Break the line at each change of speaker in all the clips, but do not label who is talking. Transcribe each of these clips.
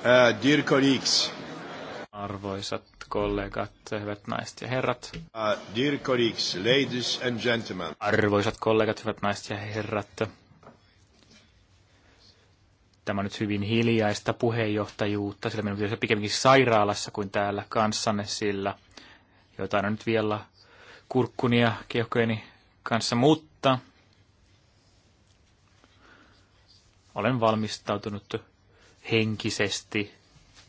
Uh, dear colleagues. Arvoisat kollegat, hyvät naiset ja herrat. Uh, dear colleagues, ladies and gentlemen. Arvoisat kollegat, hyvät naiset ja herrat. Tämä on nyt hyvin hiljaista puheenjohtajuutta, sillä minun pitäisi pikemminkin sairaalassa kuin täällä kanssanne, sillä jotain on nyt vielä kurkkunia keuhkojeni kanssa, mutta olen valmistautunut henkisesti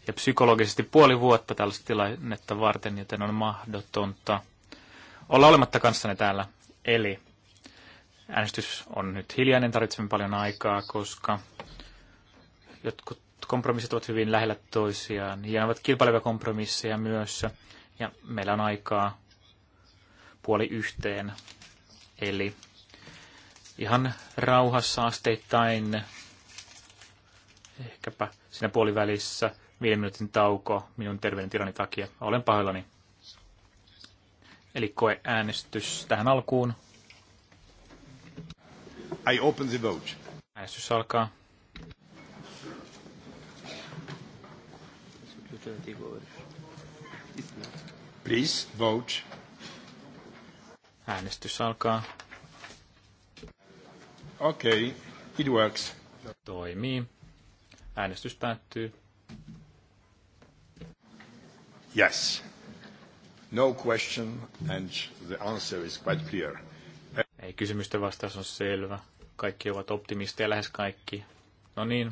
ja psykologisesti puoli vuotta tällaista tilannetta varten, joten on mahdotonta olla olematta kanssanne täällä. Eli äänestys on nyt hiljainen, tarvitsemme paljon aikaa, koska jotkut kompromissit ovat hyvin lähellä toisiaan ja ne ovat kilpailevia kompromisseja myös. Ja meillä on aikaa puoli yhteen. Eli ihan rauhassa asteittain ehkäpä siinä puolivälissä viiden minuutin tauko minun terveydentilani takia. Olen pahoillani. Eli koe äänestys tähän alkuun. I open the vote. Äänestys alkaa. Please vote. Äänestys alkaa. Okei, okay, it works. Toimii. Äänestys päättyy. Yes. No question and the answer is quite clear. Ei kysymysten vastaus on selvä. Kaikki ovat optimisteja, lähes kaikki. No niin.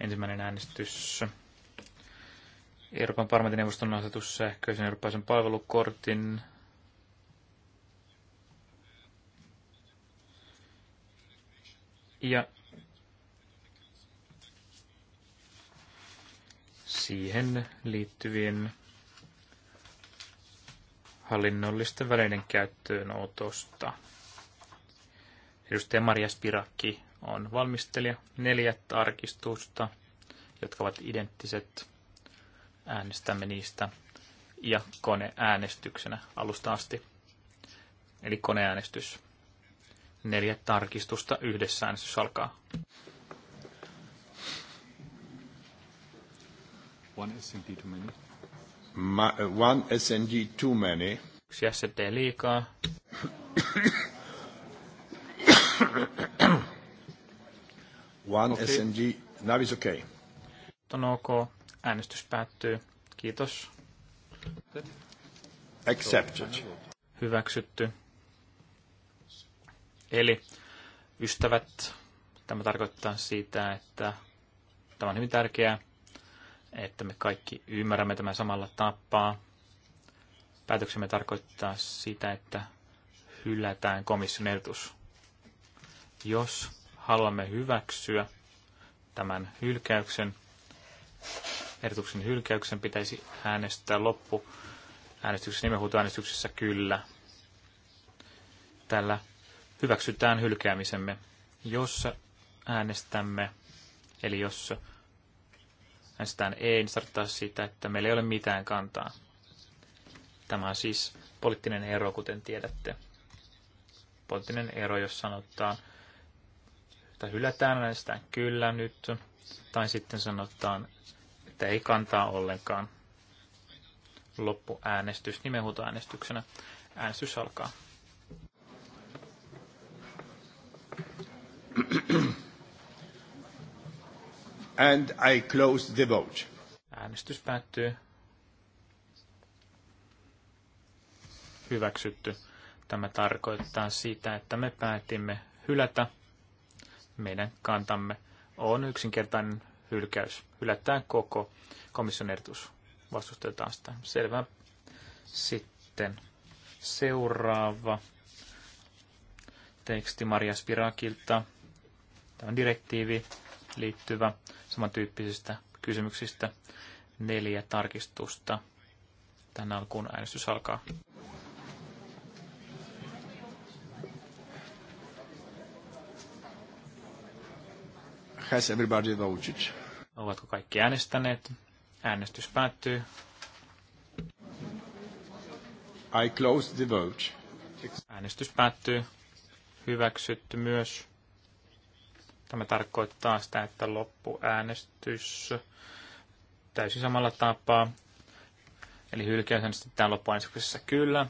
Ensimmäinen äänestys. Euroopan parlamentin asetus sähköisen eurooppalaisen palvelukortin ja siihen liittyvien hallinnollisten välineiden käyttöönotosta. Edustaja Maria Spirakki on valmistelija. Neljä tarkistusta, jotka ovat identtiset. Äänestämme niistä ja koneäänestyksenä alusta asti. Eli koneäänestys. Neljä tarkistusta yhdessä äänestys alkaa. One SNG too many. Ma, uh, one SND too many. Yksi SND liikaa.
one okay. SND. Now is okay.
On ok. Äänestys päättyy. Kiitos. Accepted. Hyväksytty. Eli ystävät, tämä tarkoittaa sitä, että tämä on hyvin tärkeää että me kaikki ymmärrämme tämän samalla tapaa. Päätöksemme tarkoittaa sitä, että hylätään komission ehdotus. Jos haluamme hyväksyä tämän hylkäyksen, ehdotuksen hylkäyksen pitäisi äänestää loppu äänestyksessä, nimenhuutoäänestyksessä kyllä. Tällä hyväksytään hylkäämisemme, jos äänestämme, eli jos äänestetään ei, niin tarkoittaa sitä, että meillä ei ole mitään kantaa. Tämä on siis poliittinen ero, kuten tiedätte. Poliittinen ero, jos sanotaan, että hylätään, äänestetään kyllä nyt, tai sitten sanotaan, että ei kantaa ollenkaan. Loppuäänestys nimenhuutoäänestyksenä. Äänestys alkaa. And I close the vote. Äänestys päättyy. Hyväksytty. Tämä tarkoittaa sitä, että me päätimme hylätä. Meidän kantamme on yksinkertainen hylkäys. Hylätään koko komission ehdotus. Vastustetaan sitä. Selvä. Sitten seuraava teksti Maria Spirakilta. Tämä on direktiivi liittyvä samantyyppisistä kysymyksistä neljä tarkistusta. Tänään alkuun äänestys alkaa. Has everybody voted? Ovatko kaikki äänestäneet? Äänestys päättyy. I close the vote. Äänestys päättyy. Hyväksytty myös. Tämä tarkoittaa sitä, että loppuäänestys täysin samalla tapaa. Eli hylkäys äänestetään loppuäänestyksessä kyllä.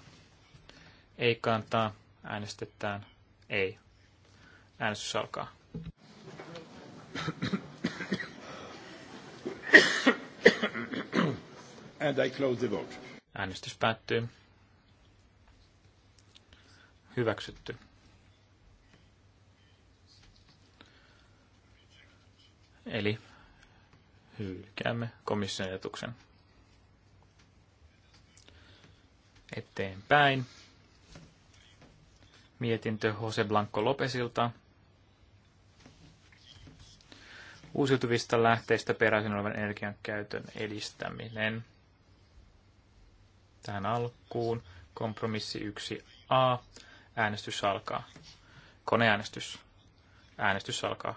Ei kantaa äänestetään ei. Äänestys alkaa. And I close the vote. Äänestys päättyy. Hyväksytty. Eli hylkäämme komission ajatuksen eteenpäin. Mietintö Jose Blanco Lopesilta. Uusiutuvista lähteistä peräisin olevan energian käytön edistäminen. Tähän alkuun kompromissi 1a. Äänestys alkaa. Koneäänestys. Äänestys alkaa.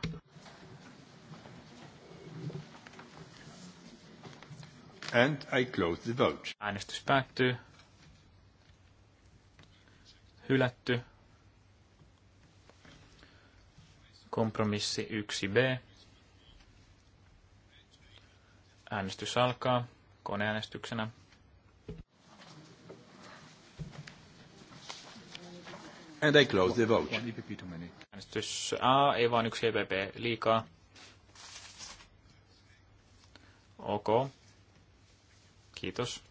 And I close the vote. Äänestys päättyy. Hylätty. Kompromissi 1b. Äänestys alkaa koneäänestyksenä. And I close the vote. Äänestys A, ei vaan yksi EPP liikaa. Okay. Kiitos.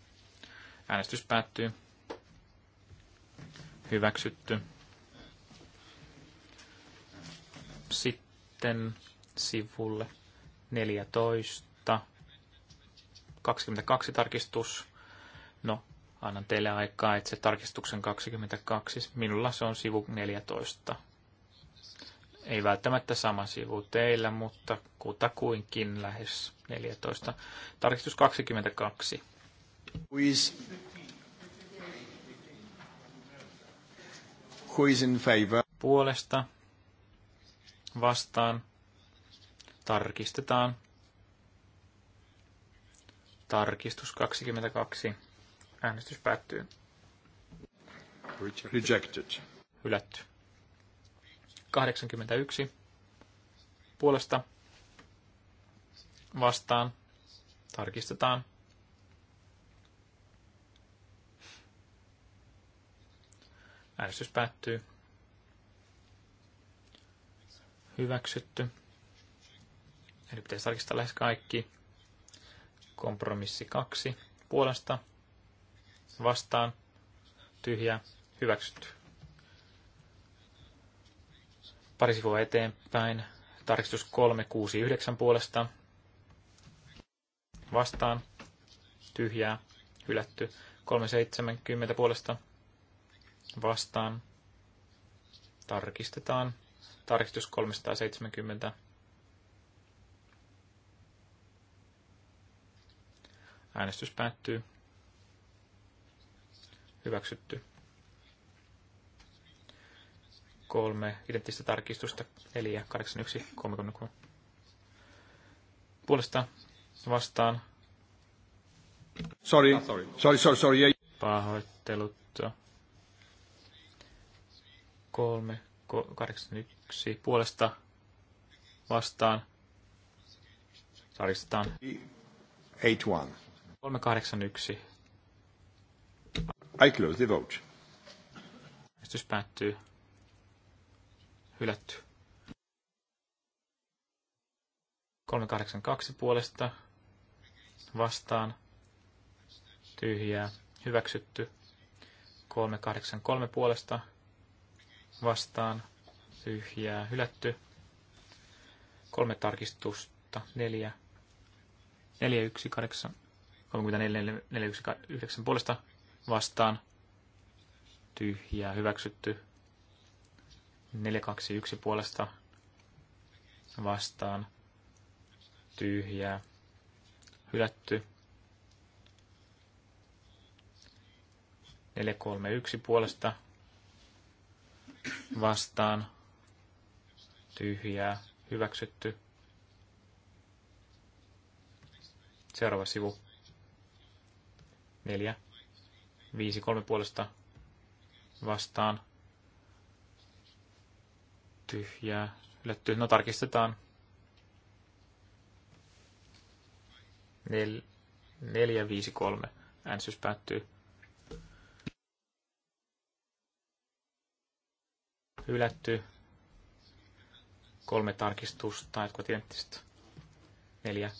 Äänestys päättyy. Hyväksytty. Sitten sivulle 14. 22 tarkistus. No, annan teille aikaa itse tarkistuksen 22. Minulla se on sivu 14. Ei välttämättä sama sivu teillä, mutta kutakuinkin lähes 14. Tarkistus 22. Who is, who is in favor? Puolesta. Vastaan. Tarkistetaan. Tarkistus 22. Äänestys päättyy. Rejected. Hylätty. 81. Puolesta. Vastaan. Tarkistetaan. Äänestys päättyy. Hyväksytty. Eli pitäisi tarkistaa lähes kaikki. Kompromissi 2. Puolesta. Vastaan. Tyhjä. Hyväksytty. Pari sivua eteenpäin. Tarkistus 369 puolesta. Vastaan. Tyhjää. Hylätty. 370 puolesta vastaan. Tarkistetaan. Tarkistus 370. Äänestys päättyy. Hyväksytty. Kolme identtistä tarkistusta. 4, 8, 1, 3, 3, 3. Puolesta vastaan. Ah, sorry, sorry, sorry, sorry. Pahoittelut. 3, 81 puolesta vastaan. Tarkistetaan. 81. 381. I close the vote. Äänestys päättyy. Hylätty. 382 puolesta vastaan. Tyhjää. Hyväksytty. 383 puolesta vastaan tyhjää hylätty. Kolme tarkistusta, neljä, neljä yksi kahdeksan, yksi 419 puolesta vastaan tyhjää hyväksytty. 421 puolesta vastaan tyhjää hylätty. 431 puolesta vastaan, tyhjää, hyväksytty. Seuraava sivu. neljä viisi kolme puolesta vastaan, tyhjää, hylätty. No tarkistetaan. Nel, neljä viisi kolme Äänsys päättyy. hylätty. Kolme tarkistusta, jotka ovat identtiset 4,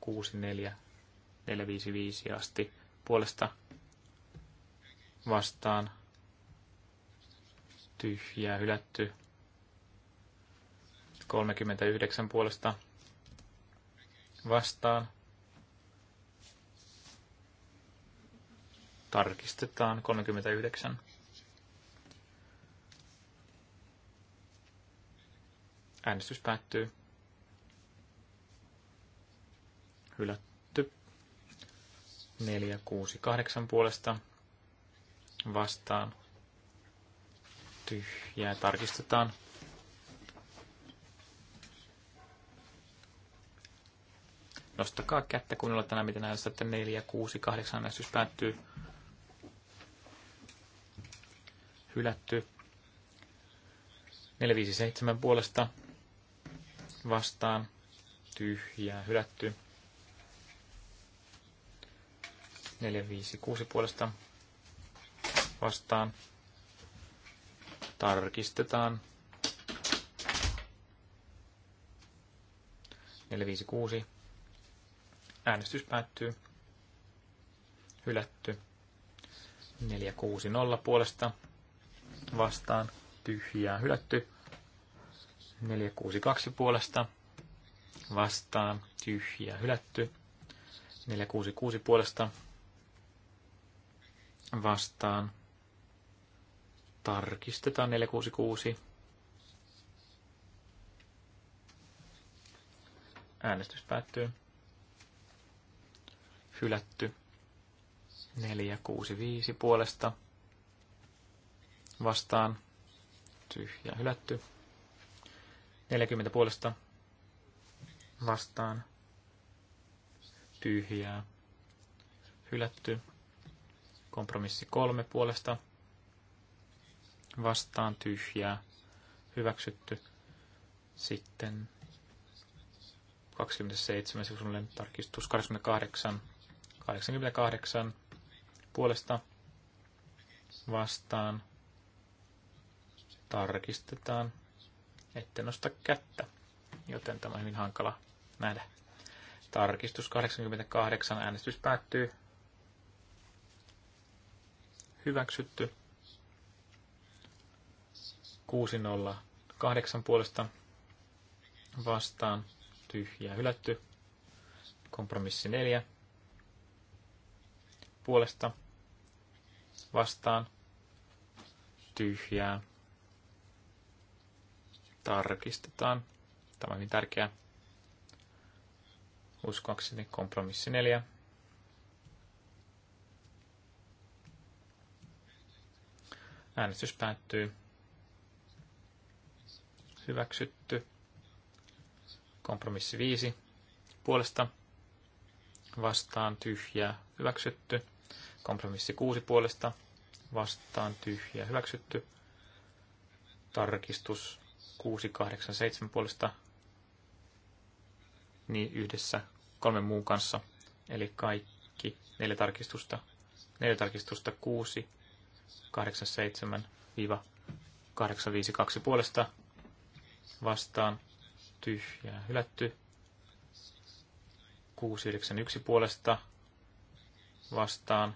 6, 4, 4, 5, 5 asti puolesta vastaan. Tyhjää hylätty. 39 puolesta vastaan. Tarkistetaan 39. Äänestys päättyy. Hylätty. 4, 6, 8 puolesta vastaan. Tyhjää tarkistetaan. Nostakaa kättä kunnolla tänään, miten näistä sitten 4, 6, 8 äänestys päättyy. Hylätty. 457 puolesta vastaan tyhjää hylätty. 4, 5, 6 puolesta vastaan. Tarkistetaan. 4, 5, 6. Äänestys päättyy. Hylätty. 4, 6, 0 puolesta vastaan. Tyhjää hylätty. 462 puolesta vastaan tyhjä hylätty. 466 puolesta vastaan tarkistetaan 466. Äänestys päättyy. Hylätty. 465 puolesta vastaan tyhjä hylätty. 40 puolesta vastaan tyhjää hylätty. Kompromissi kolme puolesta vastaan tyhjää hyväksytty. Sitten 27 sivun tarkistus 88 88 puolesta vastaan tarkistetaan ette nosta kättä, joten tämä on hyvin hankala nähdä. Tarkistus 88, äänestys päättyy. Hyväksytty. 608 puolesta vastaan tyhjää hylätty. Kompromissi 4 puolesta vastaan tyhjää tarkistetaan. Tämä on hyvin tärkeää. Uskoakseni kompromissi 4. Äänestys päättyy. Hyväksytty. Kompromissi 5. Puolesta vastaan tyhjää hyväksytty. Kompromissi 6 puolesta vastaan tyhjää hyväksytty. Tarkistus 6, 8, 7 puolesta niin yhdessä kolmen muun kanssa. Eli kaikki neljä tarkistusta, neljä tarkistusta 6, 8, 7, 8, 5, 2 puolesta vastaan tyhjää hylätty. 6, 9, 1 puolesta vastaan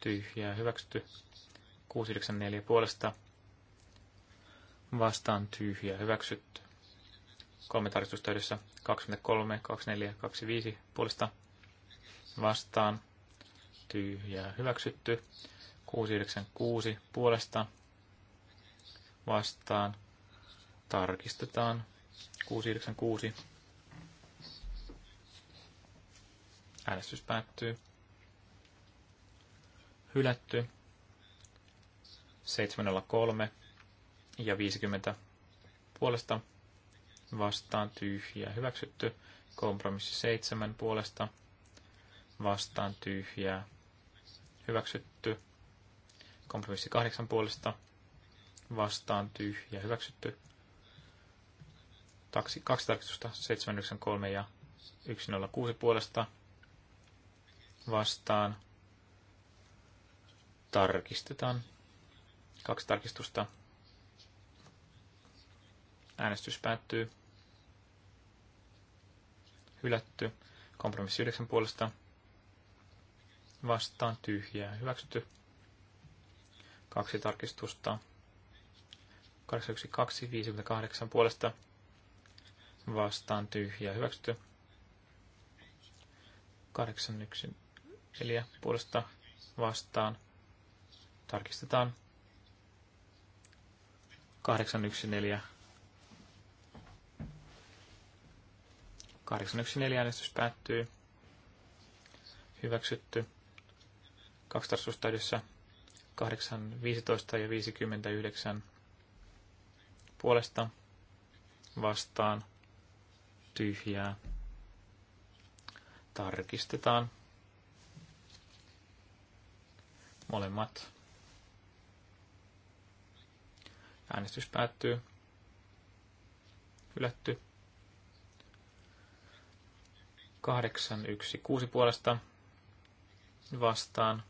tyhjää hyväksytty. 694 puolesta vastaan tyhjä hyväksytty. Kolme tarkistusta yhdessä 23, 24, 25 puolesta vastaan tyhjä hyväksytty. 696 puolesta vastaan tarkistetaan 696. Äänestys päättyy. Hylätty. 703 ja 50 puolesta vastaan tyhjää hyväksytty. Kompromissi 7 puolesta vastaan tyhjää hyväksytty. Kompromissi 8 puolesta vastaan tyhjää hyväksytty. Taksi, kaksi tarkistusta 793 ja 106 puolesta vastaan tarkistetaan. Kaksi tarkistusta Äänestys päättyy. Hylätty. Kompromissi 9 puolesta. Vastaan tyhjää. Hyväksytty. Kaksi tarkistusta. 81258 puolesta. Vastaan tyhjää. Hyväksytty. 814 puolesta vastaan. Tarkistetaan. 814 814 äänestys päättyy. Hyväksytty. Kaksi tarkastustäydessä 8, 15 ja 59 puolesta vastaan tyhjää. Tarkistetaan molemmat. Äänestys päättyy. Hylätty. 816 puolesta vastaan.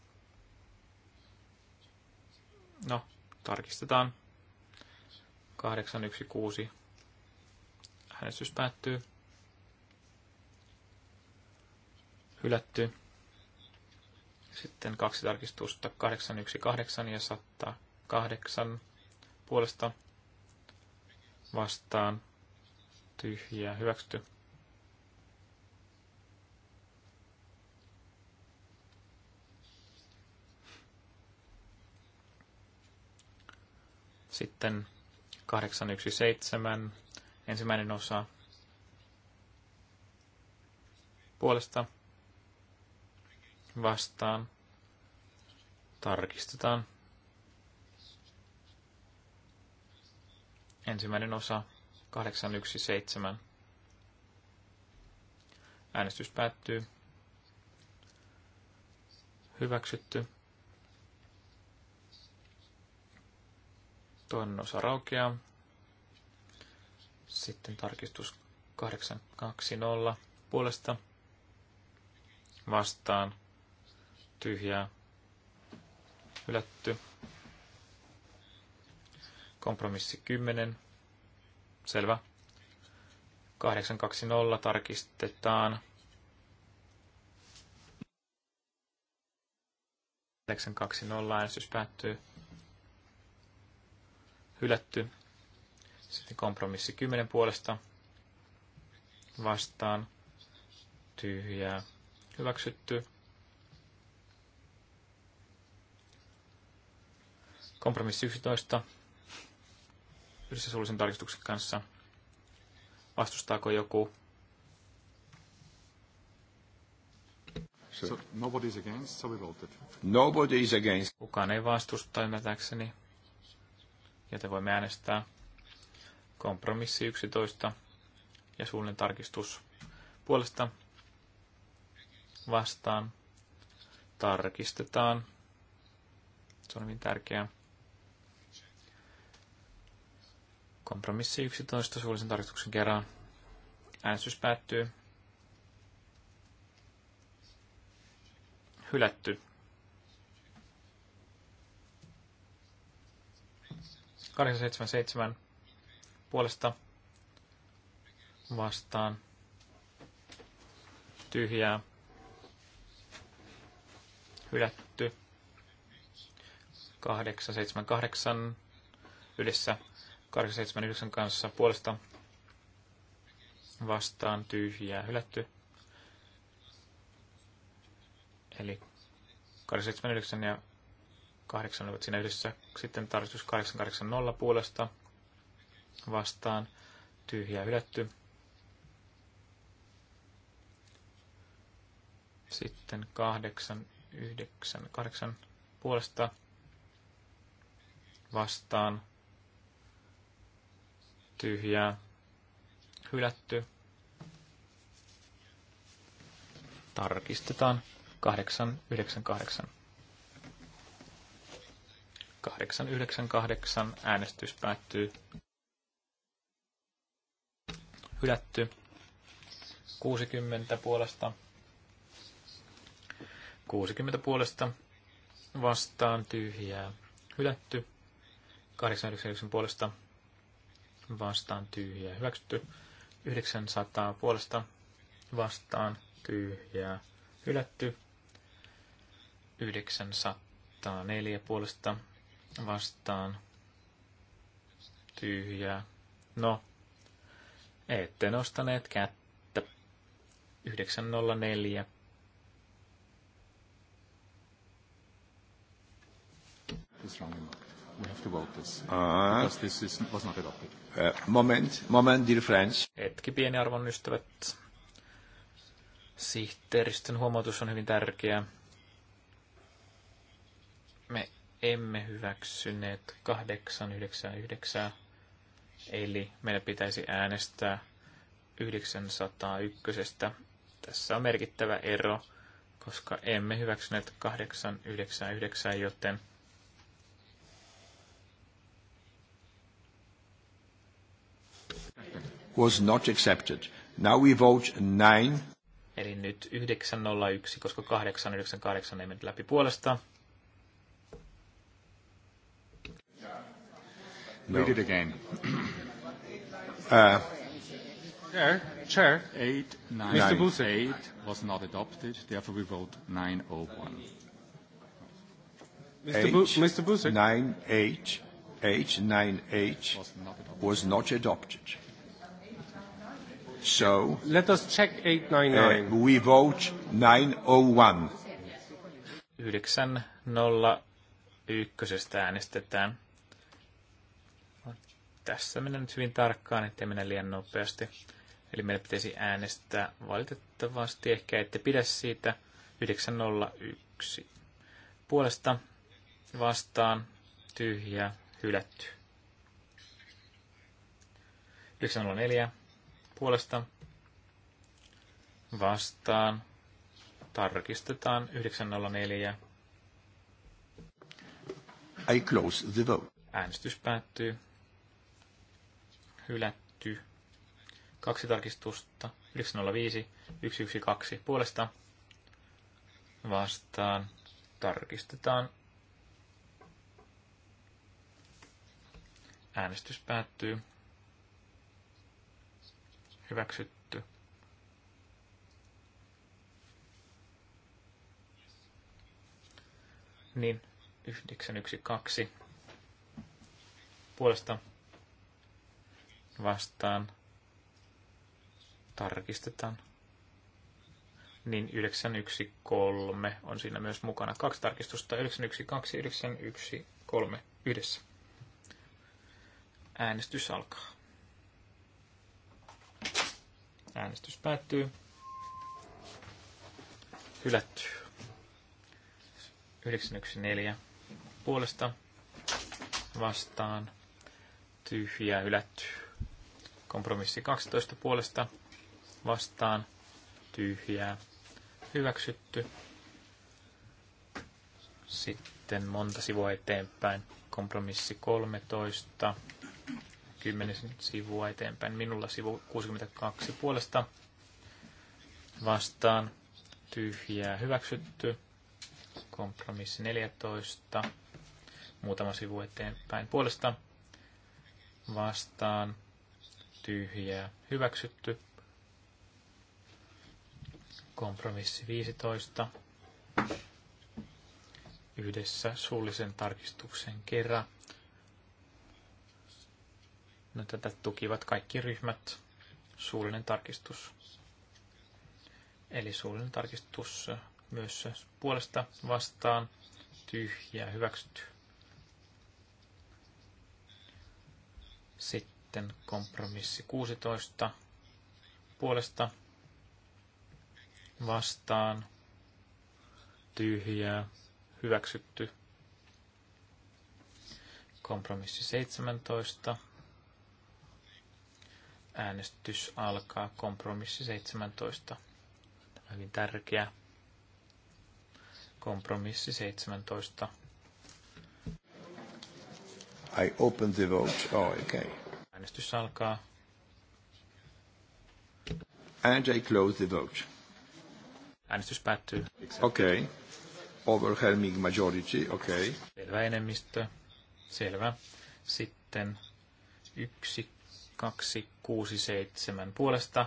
No, tarkistetaan. 816. Äänestys päättyy. Hylätty. Sitten kaksi tarkistusta. 818 ja 108 puolesta vastaan. Tyhjää hyväksytty. Sitten 817, ensimmäinen osa puolesta vastaan. Tarkistetaan. Ensimmäinen osa 817. Äänestys päättyy. Hyväksytty. Toinen osa raukeaa. Sitten tarkistus 820 puolesta vastaan tyhjää hylätty. Kompromissi 10. Selvä. 820 tarkistetaan. 820 äänestys päättyy hylätty. Sitten kompromissi 10 puolesta vastaan tyhjää hyväksytty. Kompromissi 11 yhdessä suullisen tarkistuksen kanssa. Vastustaako joku? So, nobody is against, so we voted. Nobody is against. Kukaan ei vastusta, ymmärtääkseni joten voimme äänestää kompromissi 11 ja suullinen tarkistus puolesta vastaan. Tarkistetaan. Se on hyvin tärkeää. Kompromissi 11 suullisen tarkistuksen kerran. Äänestys päättyy. Hylätty. 877 puolesta vastaan tyhjää hylätty 878 yhdessä 879 kanssa puolesta vastaan tyhjää hylätty. Eli 879 ja 8 olivat siinä yhdessä. Sitten tarkistus 880 puolesta vastaan. Tyhjä hylätty. Sitten 8, 9, 8 puolesta vastaan. Tyhjä hylätty. Tarkistetaan 898. 898 äänestys päättyy. Hylätty. 60 puolesta. 60 puolesta vastaan tyhjää. Hylätty. 899 puolesta vastaan tyhjää. Hyväksytty. 900 puolesta vastaan tyhjää. Hylätty. 904 puolesta vastaan tyhjää. No, ette nostaneet kättä. 904. Ah. Eh, moment, moment, dear friends. Hetki, pieni arvon ystävät. Sihteeristön huomautus on hyvin tärkeä. Me emme hyväksyneet 899, eli meidän pitäisi äänestää 901. Tässä on merkittävä ero, koska emme hyväksyneet 899, joten was not accepted. Now we vote nine. Eli nyt 901, koska 898 ei mennyt läpi puolesta No. Read it again. Uh, chair, Chair, 8, 9, Mr. Buse 8 was not adopted, therefore we vote 901. Mr. Buse 9H, H, 9H was not adopted. Was not adopted. So.
Let us check 899.
Uh, we vote 901. 901 äänestetään tässä mennään nyt hyvin tarkkaan, ettei mennä liian nopeasti. Eli meidän pitäisi äänestää valitettavasti, ehkä ette pidä siitä 901. Puolesta vastaan tyhjä hylätty. 904 puolesta vastaan tarkistetaan 904. I close the vote. Äänestys päättyy hylätty. Kaksi tarkistusta, 905, 112 puolesta vastaan. Tarkistetaan. Äänestys päättyy. Hyväksytty. Niin, 912 puolesta vastaan tarkistetaan. Niin 913 on siinä myös mukana. Kaksi tarkistusta, 912 ja 913 yhdessä. Äänestys alkaa. Äänestys päättyy. Hylätty. 914 puolesta vastaan tyhjä hylätty. Kompromissi 12 puolesta vastaan tyhjää hyväksytty. Sitten monta sivua eteenpäin. Kompromissi 13. 10 sivua eteenpäin. Minulla sivu 62 puolesta vastaan tyhjää hyväksytty. Kompromissi 14. Muutama sivu eteenpäin puolesta vastaan tyhjää hyväksytty. Kompromissi 15 yhdessä suullisen tarkistuksen kerran. No, tätä tukivat kaikki ryhmät. Suullinen tarkistus. Eli suullinen tarkistus myös puolesta vastaan tyhjää hyväksytty. Sitten sitten kompromissi 16 puolesta vastaan tyhjää hyväksytty. Kompromissi 17. Äänestys alkaa kompromissi 17. Tämä on hyvin tärkeä. Kompromissi 17.
I open the vote. Oh, okay.
Äänestys alkaa. And I close the vote. Äänestys päättyy. Okei. Okay. Overwhelming majority, okei. Okay. Selvä enemmistö. Selvä. Sitten yksi, kaksi, kuusi, seitsemän puolesta.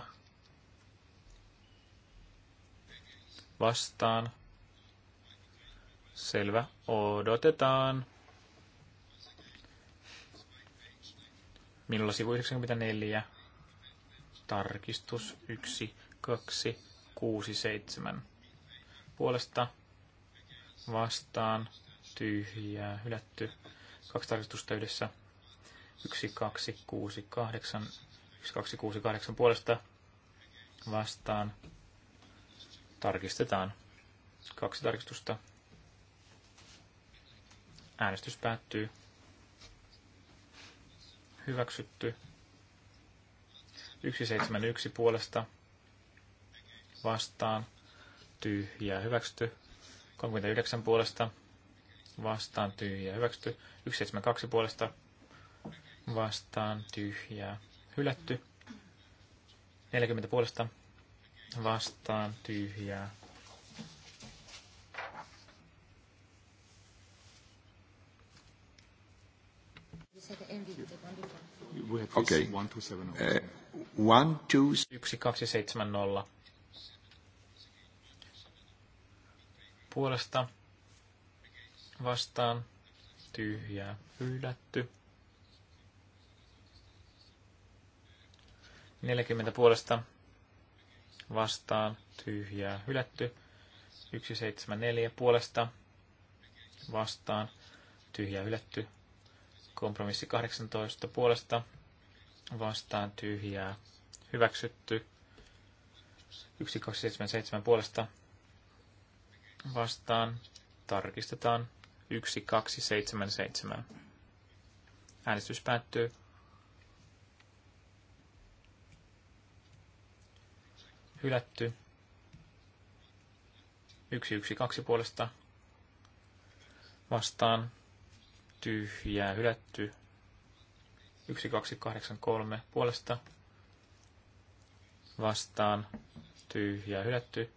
Vastaan. Selvä. Odotetaan. Minulla sivu 94, tarkistus 1, 2, 6, 7. Puolesta vastaan tyhjää hylätty. Kaksi tarkistusta yhdessä. 1, 2, 6, 8. 1, 2, 6, 8 puolesta vastaan. Tarkistetaan. Kaksi tarkistusta. Äänestys päättyy hyväksytty. 171 puolesta vastaan tyhjää hyväksytty. 39 puolesta vastaan tyhjää hyväksytty. 172 puolesta vastaan tyhjää hylätty. 40 puolesta vastaan tyhjää We have okay. one, uh, eh, 1270 puolesta vastaan tyhjää hylätty. 40 puolesta vastaan tyhjää hylätty. 174 puolesta vastaan tyhjää hylätty. Kompromissi 18 puolesta vastaan tyhjää hyväksytty. 1277 puolesta vastaan tarkistetaan 1277. Äänestys päättyy. Hylätty. 112 puolesta vastaan tyhjää hylätty. 1283 puolesta vastaan tyhjä hylätty.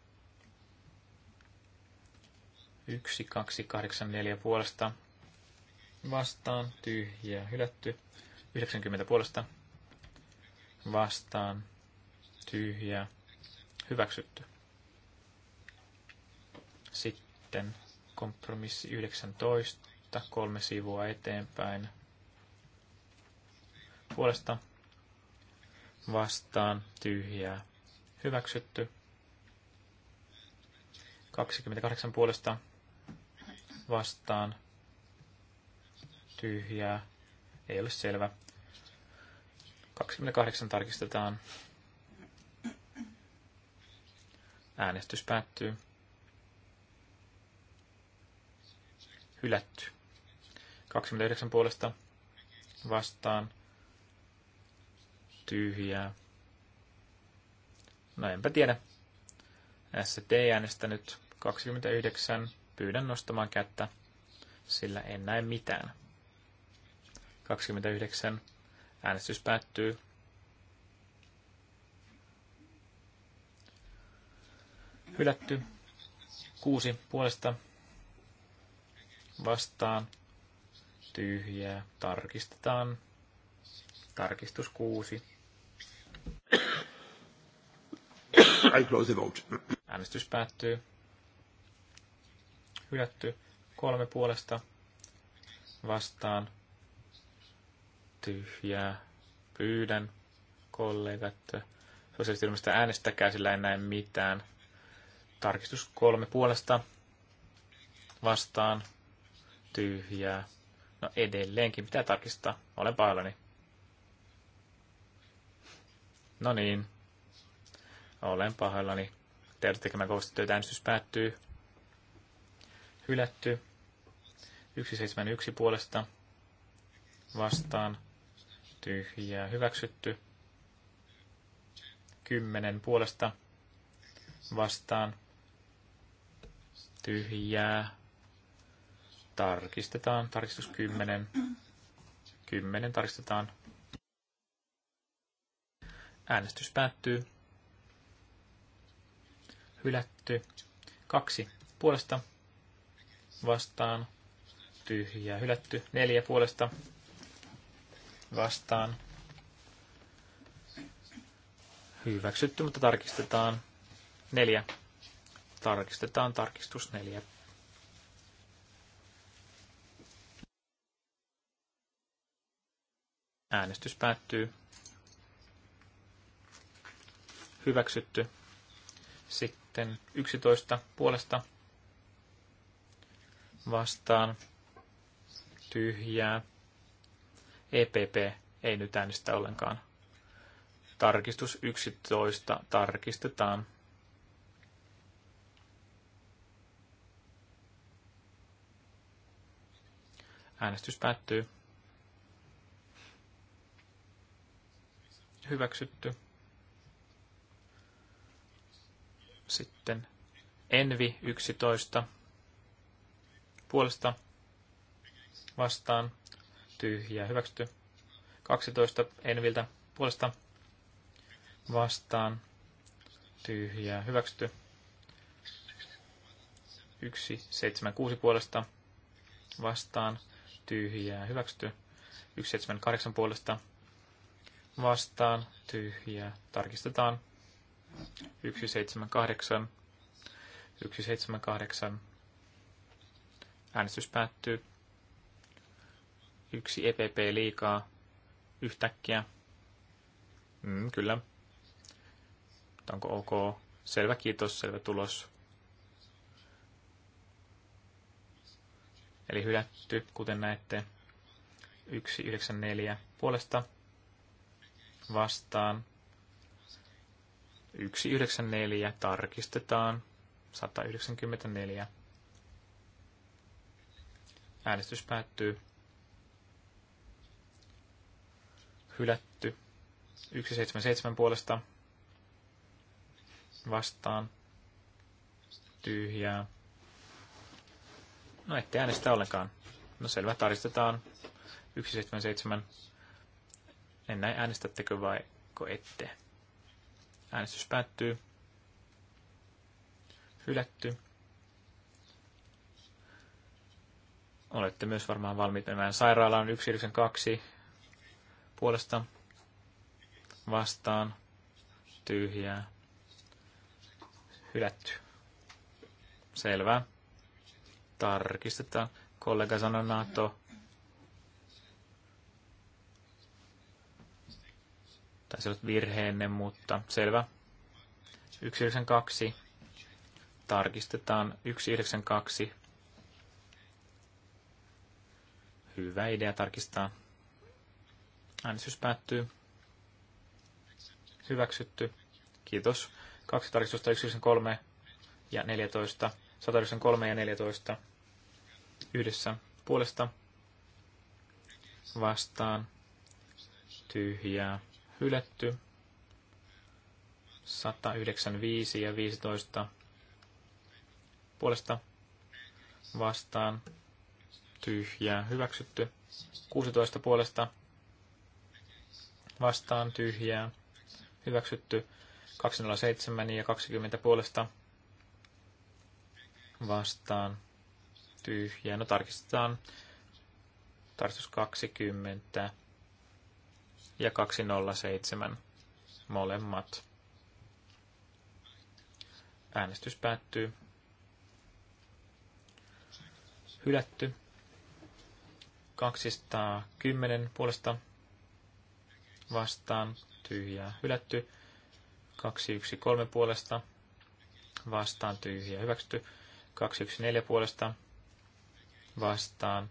1284 puolesta vastaan tyhjä hylätty. 90 puolesta vastaan tyhjä hyväksytty. Sitten kompromissi 19, kolme sivua eteenpäin, puolesta vastaan tyhjää hyväksytty. 28 puolesta vastaan tyhjää ei ole selvä. 28 tarkistetaan. Äänestys päättyy. Hylätty. 29 puolesta vastaan tyhjää. No enpä tiedä. ST äänestänyt 29. Pyydän nostamaan kättä, sillä en näe mitään. 29. Äänestys päättyy. Hylätty. 6 puolesta vastaan. Tyhjää. Tarkistetaan. Tarkistus 6. I close the vote. Äänestys päättyy. Hylätty. Kolme puolesta vastaan. Tyhjää. Pyydän kollegat sosiaalityömistä äänestäkää, sillä en näe mitään. Tarkistus kolme puolesta vastaan. Tyhjää. No edelleenkin pitää tarkistaa. Olen pahoillani. No niin, olen pahoillani. Teidän tekemään kovasti työtä äänestys päättyy. Hylätty. 171 puolesta vastaan. Tyhjää hyväksytty. 10 puolesta vastaan. Tyhjää. Tarkistetaan. Tarkistus 10. 10 tarkistetaan. Äänestys päättyy hylätty. Kaksi puolesta vastaan tyhjä hylätty. Neljä puolesta vastaan hyväksytty, mutta tarkistetaan neljä. Tarkistetaan tarkistus neljä. Äänestys päättyy. Hyväksytty. Sitten sitten 11 puolesta vastaan tyhjää. EPP ei nyt äänestä ollenkaan. Tarkistus 11 tarkistetaan. Äänestys päättyy. Hyväksytty. Sitten Envi 11 puolesta vastaan tyhjää hyväksytty. 12 Enviltä puolesta vastaan tyhjää hyväksytty. 1, 7, 6 puolesta vastaan tyhjää hyväksytty. 1, 7, 8 puolesta vastaan tyhjää tarkistetaan. 178. 178. Äänestys päättyy. Yksi EPP liikaa yhtäkkiä. Mm, kyllä. Onko ok? Selvä kiitos, selvä tulos. Eli hylätty, kuten näette. 194 puolesta vastaan 194 tarkistetaan. 194. Äänestys päättyy. Hylätty. 177 puolesta. Vastaan. Tyhjää. No ette äänestä ollenkaan. No selvä, tarkistetaan. 177. En näe äänestättekö vai ette. Äänestys päättyy. Hylätty. Olette myös varmaan valmiit menemään sairaalaan 192 puolesta vastaan tyhjää. Hylätty. Selvä. Tarkistetaan. Kollega sanoi NATO Taisi olla virheenne, mutta selvä. 192. Tarkistetaan 192. Hyvä idea tarkistaa. Äänestys päättyy. Hyväksytty. Kiitos. Kaksi tarkistusta, 193 ja 14. 193 ja 14. Yhdessä puolesta vastaan. Tyhjää hylätty. 195 ja 15 puolesta vastaan tyhjää hyväksytty. 16 puolesta vastaan tyhjää hyväksytty. 207 ja 20 puolesta vastaan tyhjää. No tarkistetaan tarkistus 20 ja 207 molemmat. Äänestys päättyy. Hylätty. 210 puolesta vastaan tyhjää hylätty. 213 puolesta vastaan tyhjää hyväksytty. 214 puolesta vastaan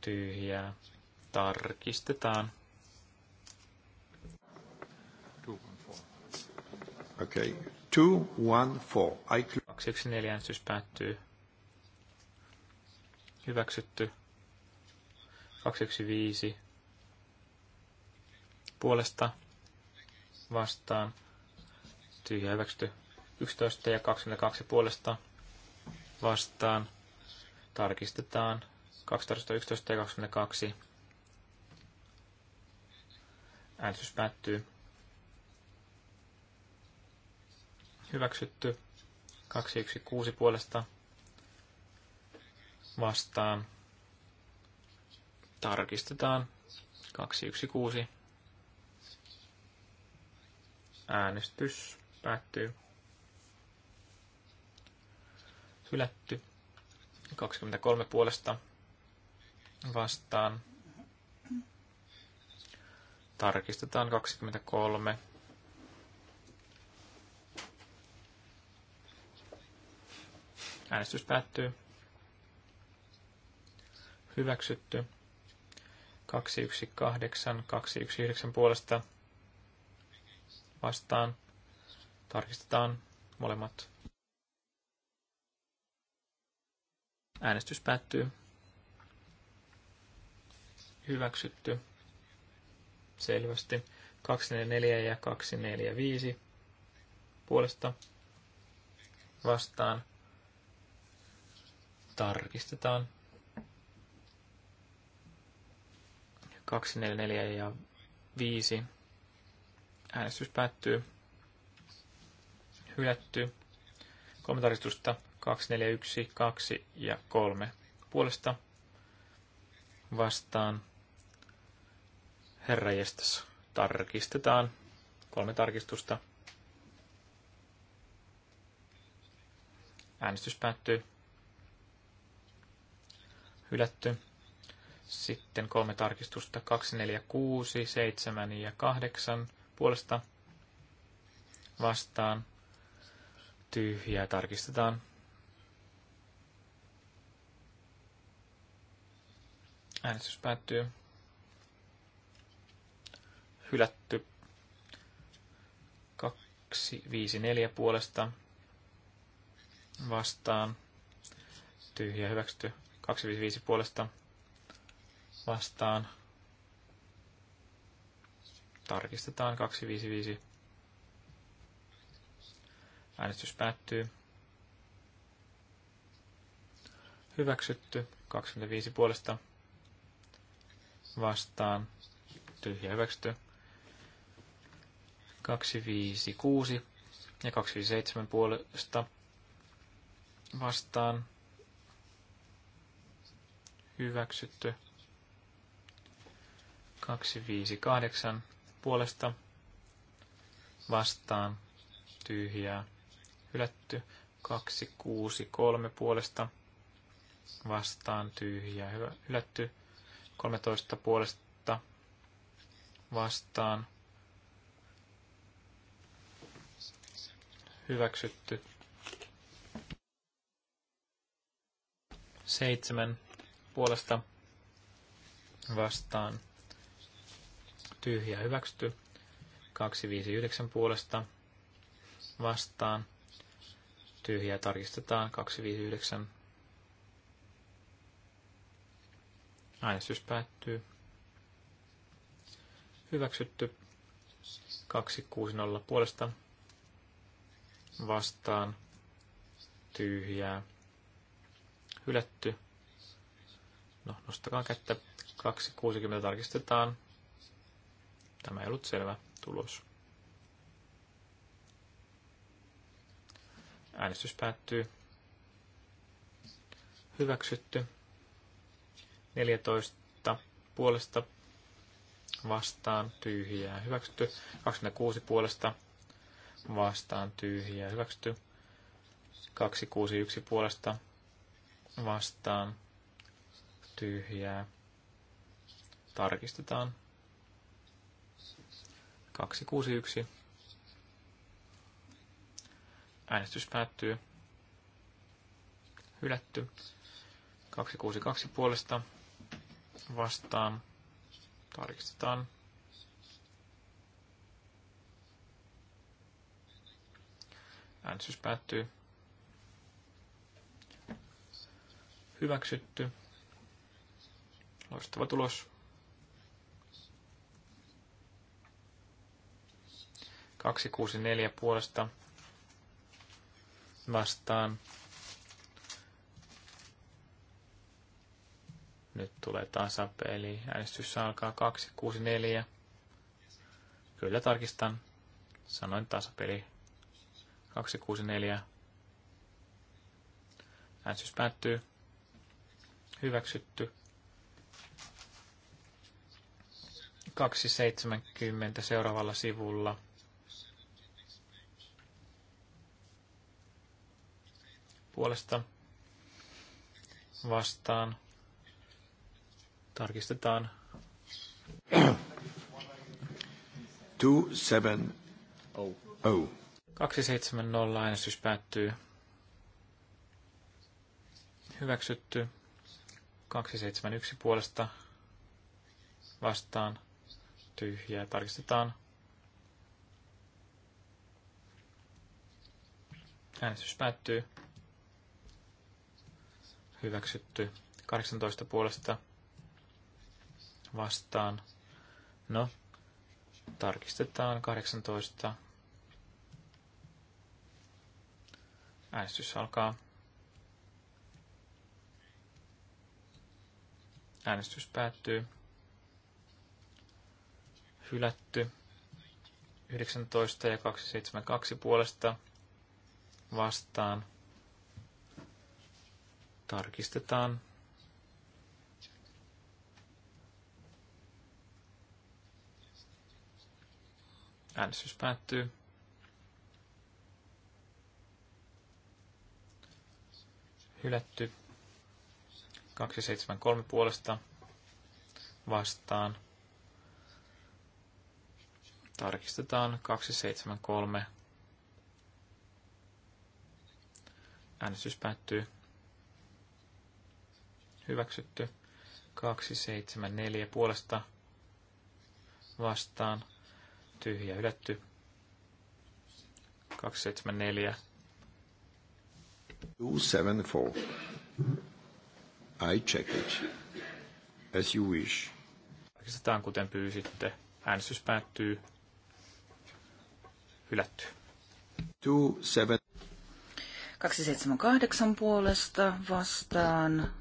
tyhjää tarkistetaan. Okay. Two, one, four. I... 214 äänestys päättyy. Hyväksytty. 215 puolesta vastaan. Tyhjä hyväksytty. 11 ja 22 puolesta vastaan. Tarkistetaan. 12, 11 ja 22. Äänestys päättyy. hyväksytty. 216 puolesta vastaan. Tarkistetaan. 216. Äänestys päättyy. Hylätty. 23 puolesta vastaan. Tarkistetaan 23. Äänestys päättyy. Hyväksytty. 218, 219 puolesta vastaan. Tarkistetaan molemmat. Äänestys päättyy. Hyväksytty. Selvästi. 244 ja 245 puolesta vastaan tarkistetaan. 244 ja 5. Äänestys päättyy. Hylätty. Kolme tarkistusta. 241, 2 ja 3. Puolesta vastaan. Herra Herrajestas. Tarkistetaan. Kolme tarkistusta. Äänestys päättyy hylätty. Sitten kolme tarkistusta, 2, 4, 6, 7 ja 8 puolesta vastaan. Tyhjää tarkistetaan. Äänestys päättyy. Hylätty. 2, 5, 4 puolesta vastaan. Tyhjä hyväksytty. 255 puolesta vastaan. Tarkistetaan 255. Äänestys päättyy. Hyväksytty. 25 puolesta vastaan. Tyhjä hyväksytty. 256 ja 257 puolesta vastaan hyväksytty. 258 puolesta vastaan tyhjää hylätty. 263 puolesta vastaan tyhjää hylätty. 13 puolesta vastaan hyväksytty. 7 puolesta vastaan tyhjä hyväksytty. 259 puolesta vastaan tyhjä tarkistetaan 259. Äänestys päättyy. Hyväksytty 260 puolesta vastaan tyhjää hylätty No, nostakaa kättä. 2.60 tarkistetaan. Tämä ei ollut selvä tulos. Äänestys päättyy. Hyväksytty. 14 puolesta vastaan tyhjää hyväksytty. 26 puolesta vastaan tyhjää hyväksytty. 261 puolesta vastaan tyhjää. Tarkistetaan. 261. Äänestys päättyy. Hylätty. 262 puolesta vastaan. Tarkistetaan. Äänestys päättyy. Hyväksytty. Loistava tulos. Kaksi kuusi neljä puolesta vastaan. Nyt tulee tasapeli. Äänestys alkaa 264. Kyllä tarkistan. Sanoin tasapeli 264. Äänestys päättyy. Hyväksytty. 270 seuraavalla sivulla. Puolesta vastaan. Tarkistetaan. 270. äänestys päättyy. Hyväksytty. 271 puolesta vastaan tyhjää. Tarkistetaan. Äänestys päättyy. Hyväksytty. 18 puolesta vastaan. No, tarkistetaan 18. Äänestys alkaa. Äänestys päättyy hylätty. 19 ja 272 puolesta vastaan. Tarkistetaan. Äänestys päättyy. Hylätty. 273 puolesta vastaan. Tarkistetaan 273. Äänestys päättyy. Hyväksytty. 274 puolesta vastaan. Tyhjä hylätty. 274.
274.
I check it. As you wish. Tarkistetaan kuten pyysitte. Äänestys päättyy hylättyä.
278 puolesta vastaan.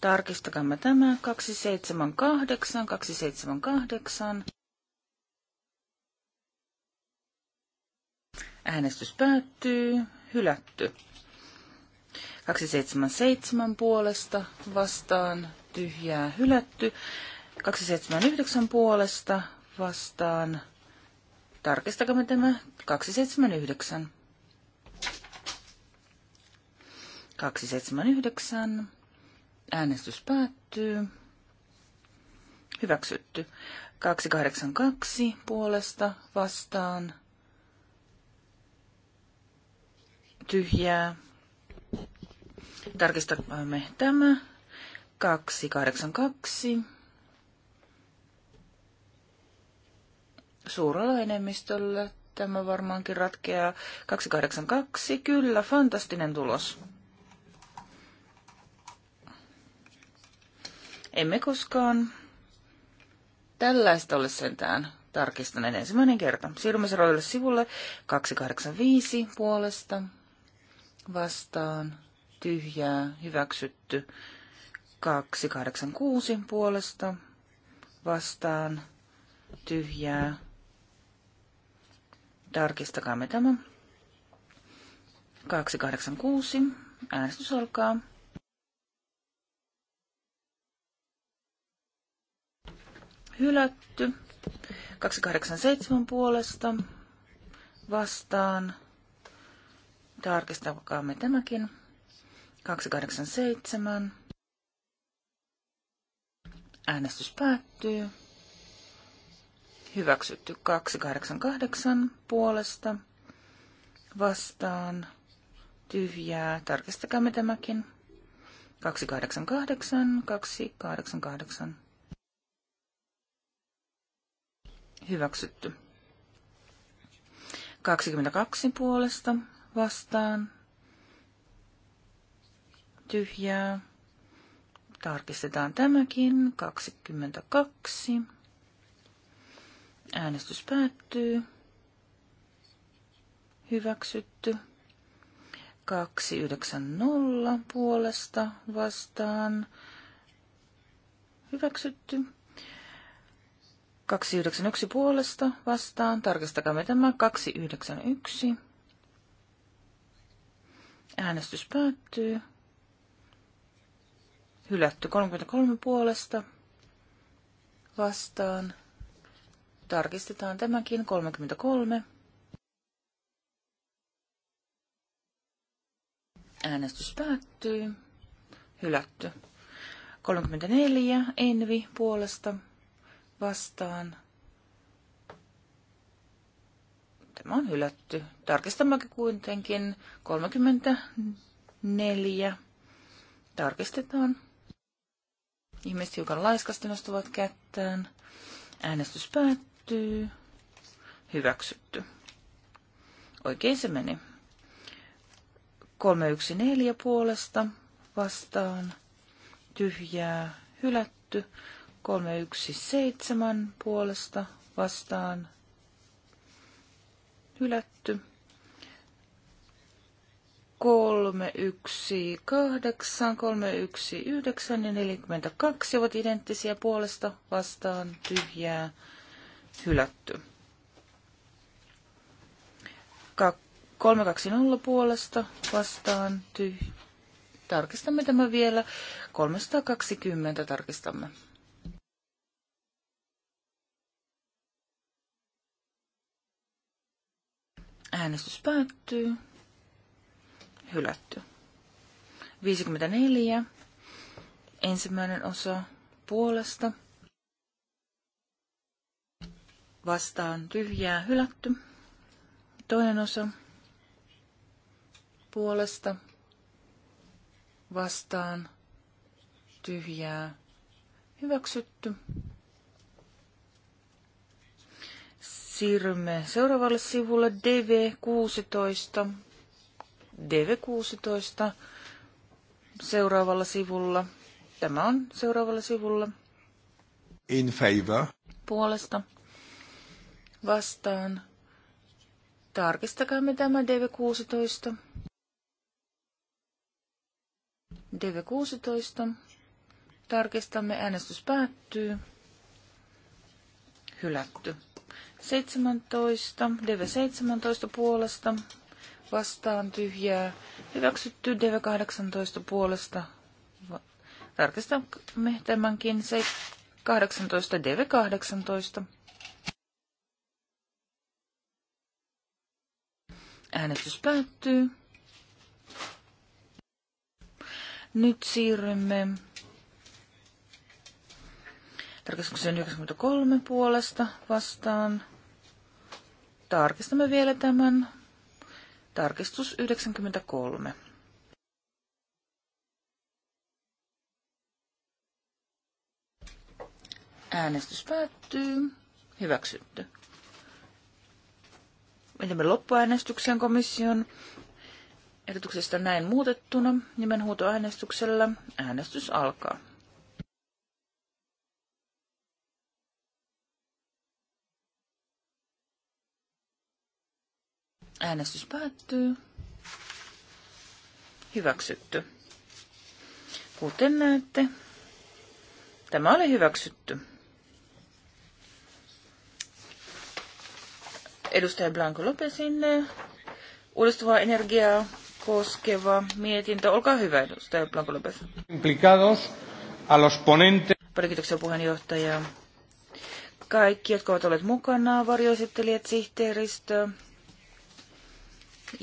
Tarkistakaamme tämä. 278, 278. Äänestys päättyy. Hylätty. 277 puolesta vastaan tyhjää hylätty. 279 puolesta vastaan Tarkistakamme tämä 279. 279. Äänestys päättyy. Hyväksytty. 282 puolesta vastaan. Tyhjää. Tarkistamme tämä. 282. suurella enemmistöllä. Tämä varmaankin ratkeaa 282. Kyllä, fantastinen tulos. Emme koskaan tällaista ole sentään tarkistaneet ensimmäinen kerta. Siirrymme seuraavalle sivulle 285 puolesta vastaan tyhjää hyväksytty 286 puolesta vastaan tyhjää Tarkistakaamme tämä. 286. Äänestys alkaa. Hylätty. 287 puolesta vastaan. Tarkistakaamme tämäkin. 287. Äänestys päättyy hyväksytty 288 puolesta vastaan tyhjää. Tarkistakaamme tämäkin. 288, 288. Hyväksytty. 22 puolesta vastaan. Tyhjää. Tarkistetaan tämäkin. 22. Äänestys päättyy. Hyväksytty. 290 puolesta vastaan. Hyväksytty. 291 puolesta vastaan. Tarkistakaa me tämä 291. Äänestys päättyy. Hylätty 33 puolesta vastaan. Tarkistetaan tämäkin 33. Äänestys päättyy. Hylätty. 34. Envi puolesta vastaan. Tämä on hylätty. Tarkistamme kuitenkin 34. Tarkistetaan. Ihmiset hiukan laiskasti nostavat kättään. Äänestys päättyy hyväksyttyy. Hyväksytty. Oikein se meni. 314 puolesta vastaan tyhjää hylätty. 317 puolesta vastaan hylätty. 318, 319 ja 42 ovat identtisiä puolesta vastaan tyhjää hylätty. 320 puolesta vastaan ty. Tarkistamme tämä vielä. 320 tarkistamme. Äänestys päättyy. Hylätty. 54. Ensimmäinen osa puolesta vastaan tyhjää hylätty. Toinen osa puolesta vastaan tyhjää hyväksytty. Siirrymme seuraavalle sivulle DV16. DV16 seuraavalla sivulla. Tämä on seuraavalla sivulla.
In favor.
Puolesta vastaan. me tämä DV16. DV16. Tarkistamme, äänestys päättyy. Hylätty. 17. DV17 puolesta vastaan tyhjää. Hyväksytty DV18 puolesta. Tarkistamme tämänkin. 18 DV18. Äänestys päättyy. Nyt siirrymme tarkastuksen 93 puolesta vastaan. Tarkistamme vielä tämän. Tarkistus 93. Äänestys päättyy. Hyväksytty menemme loppuäänestykseen komission ehdotuksesta näin muutettuna. Nimenhuutoäänestyksellä äänestys alkaa. Äänestys päättyy. Hyväksytty. Kuten näette, tämä oli hyväksytty. edustaja Blanco Lopesin eh, uudistuvaa energiaa koskeva mietintö. Olkaa hyvä, edustaja Blanco Lopes. Implicados a los ponentes. Paljon kiitoksia puheenjohtaja. Kaikki, jotka ovat olleet mukana, varjoesittelijät, sihteeristö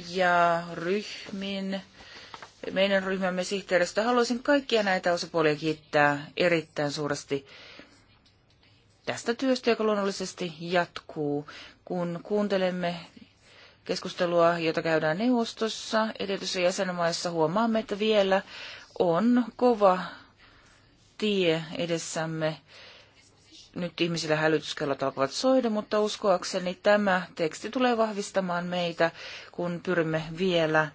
ja ryhmin, meidän ryhmämme sihteeristö, haluaisin kaikkia näitä osapuolia kiittää erittäin suuresti tästä työstä, joka luonnollisesti jatkuu kun kuuntelemme keskustelua, jota käydään neuvostossa edellisissä tietyissä jäsenmaissa, huomaamme, että vielä on kova tie edessämme. Nyt ihmisillä hälytyskellot alkavat soida, mutta uskoakseni tämä teksti tulee vahvistamaan meitä, kun pyrimme vielä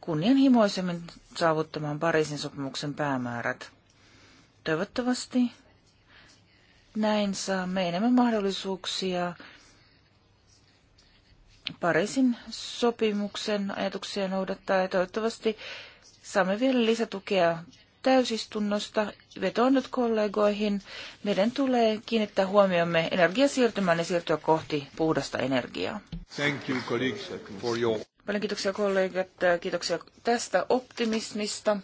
kunnianhimoisemmin saavuttamaan Pariisin sopimuksen päämäärät. Toivottavasti näin saamme enemmän mahdollisuuksia Pariisin sopimuksen ajatuksia noudattaa ja toivottavasti saamme vielä lisätukea täysistunnosta. Vetoan nyt kollegoihin. Meidän tulee kiinnittää huomiomme energiasiirtymään ja siirtyä kohti puhdasta energiaa.
Thank you, colleagues, for your...
Paljon kiitoksia kollegat. Kiitoksia tästä optimismista.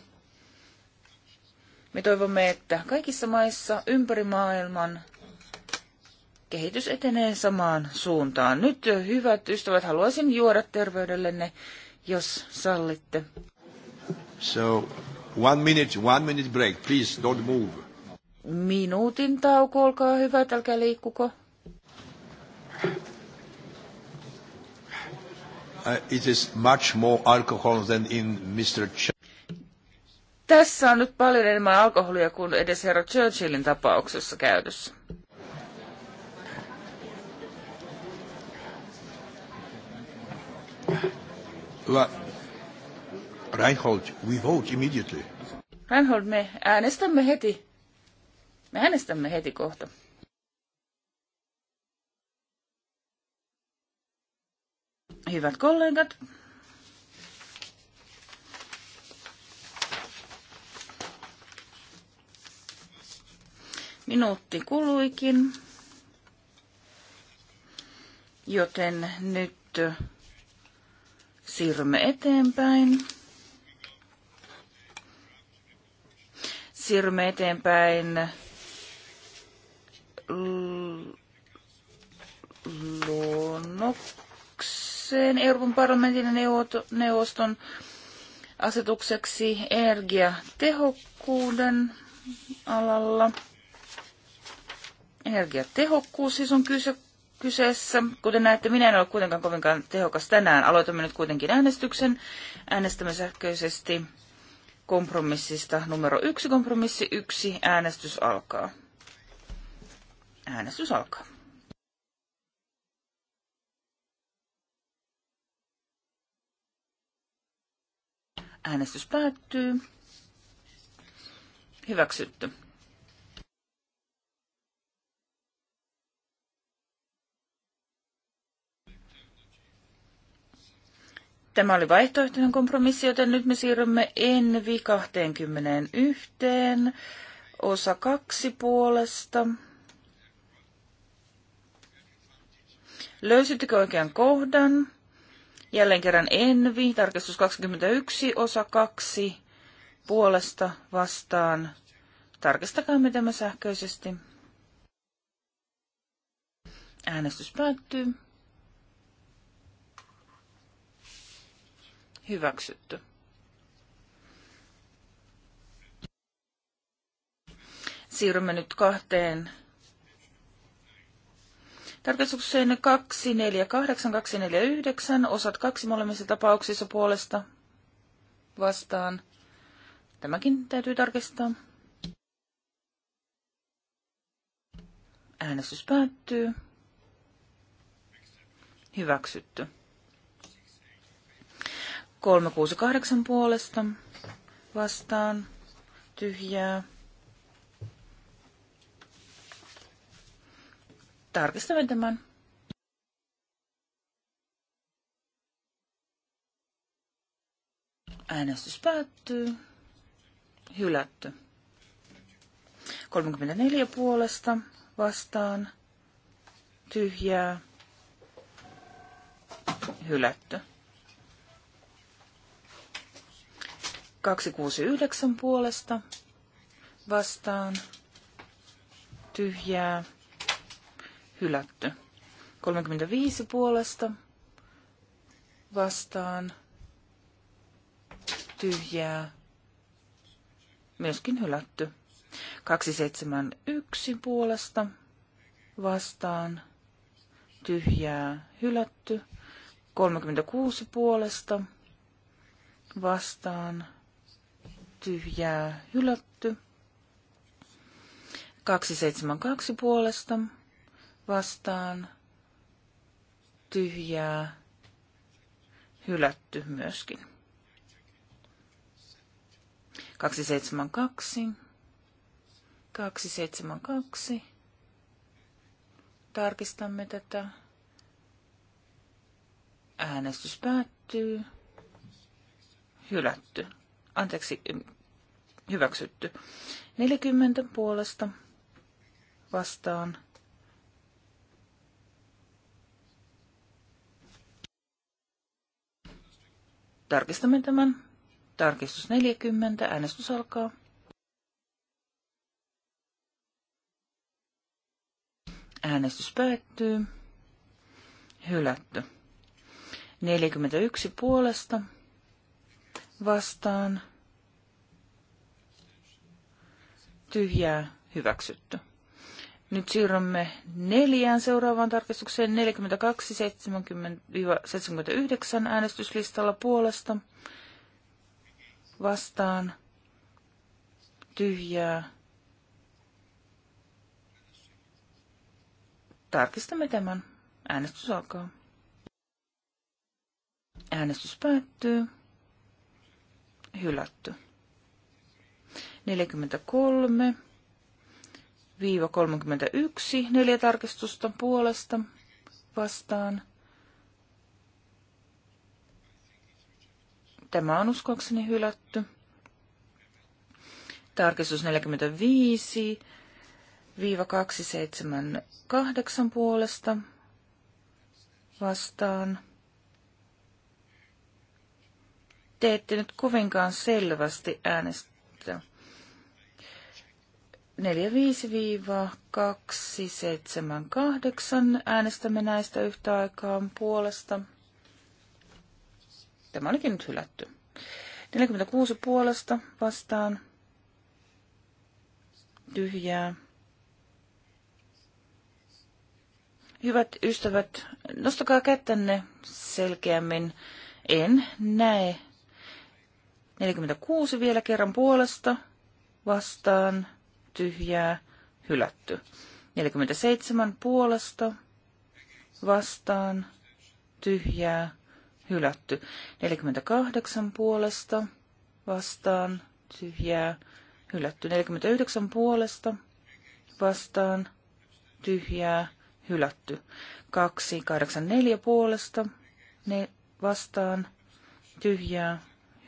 Me toivomme, että kaikissa maissa ympäri maailman kehitys etenee samaan suuntaan. Nyt, hyvät ystävät, haluaisin juoda terveydellenne, jos sallitte.
So, one minute, one minute break, please, don't move.
Minuutin tauko, olkaa hyvät, älkää liikkuko.
Uh, it is much more alcohol than in Mr. Ch-
tässä on nyt paljon enemmän alkoholia kuin edes herra Churchillin tapauksessa käytössä. Reinhold, we vote immediately. Reinhold, me äänestämme heti. Me äänestämme heti kohta. Hyvät kollegat, minuutti kuluikin, joten nyt Siirrymme eteenpäin. Siirrymme eteenpäin luonnokseen Euroopan parlamentin ja neuvoston asetukseksi energiatehokkuuden alalla energiatehokkuus siis on kyse kyseessä. Kuten näette, minä en ole kuitenkaan kovinkaan tehokas tänään. Aloitamme nyt kuitenkin äänestyksen. Äänestämme sähköisesti kompromissista numero yksi, kompromissi yksi. Äänestys alkaa. Äänestys alkaa. Äänestys päättyy. Hyväksytty. Tämä oli vaihtoehtoinen kompromissi, joten nyt me siirrymme Envi 21, osa kaksi puolesta. Löysittekö oikean kohdan? Jälleen kerran Envi, tarkistus 21, osa 2, puolesta vastaan. Tarkistakaa me tämä sähköisesti. Äänestys päättyy. hyväksytty. Siirrymme nyt kahteen tarkastukseen 248, 249, osat kaksi molemmissa tapauksissa puolesta vastaan. Tämäkin täytyy tarkistaa. Äänestys päättyy. Hyväksytty. 368 puolesta vastaan tyhjää. Tarkistamme tämän. Äänestys päättyy. Hylätty. 34 puolesta vastaan tyhjää. Hylätty. 269 puolesta vastaan tyhjää hylätty. 35 puolesta vastaan tyhjää myöskin hylätty. 271 puolesta vastaan tyhjää hylätty. 36 puolesta vastaan tyhjää hylätty. 272 puolesta vastaan tyhjää hylätty myöskin. 272 272 tarkistamme tätä. Äänestys päättyy. Hylätty anteeksi, hyväksytty. 40 puolesta vastaan. Tarkistamme tämän. Tarkistus 40. Äänestys alkaa. Äänestys päättyy. Hylätty. 41 puolesta vastaan tyhjää hyväksytty. Nyt siirrymme neljään seuraavaan tarkistukseen 42-79 äänestyslistalla puolesta vastaan tyhjää. Tarkistamme tämän. Äänestys alkaa. Äänestys päättyy hylätty. 43 viiva 31, neljä tarkistusta puolesta vastaan. Tämä on uskoakseni hylätty. Tarkistus 45 viiva 278 puolesta vastaan. te ette nyt kovinkaan selvästi äänestä. 45-278 äänestämme näistä yhtä aikaa puolesta. Tämä olikin nyt hylätty. 46 puolesta vastaan. Tyhjää. Hyvät ystävät, nostakaa kättänne selkeämmin. En näe 46 vielä kerran puolesta vastaan tyhjää hylätty. 47 puolesta vastaan tyhjää hylätty. 48 puolesta vastaan tyhjää hylätty. 49 puolesta vastaan tyhjää hylätty. 284 puolesta ne vastaan tyhjää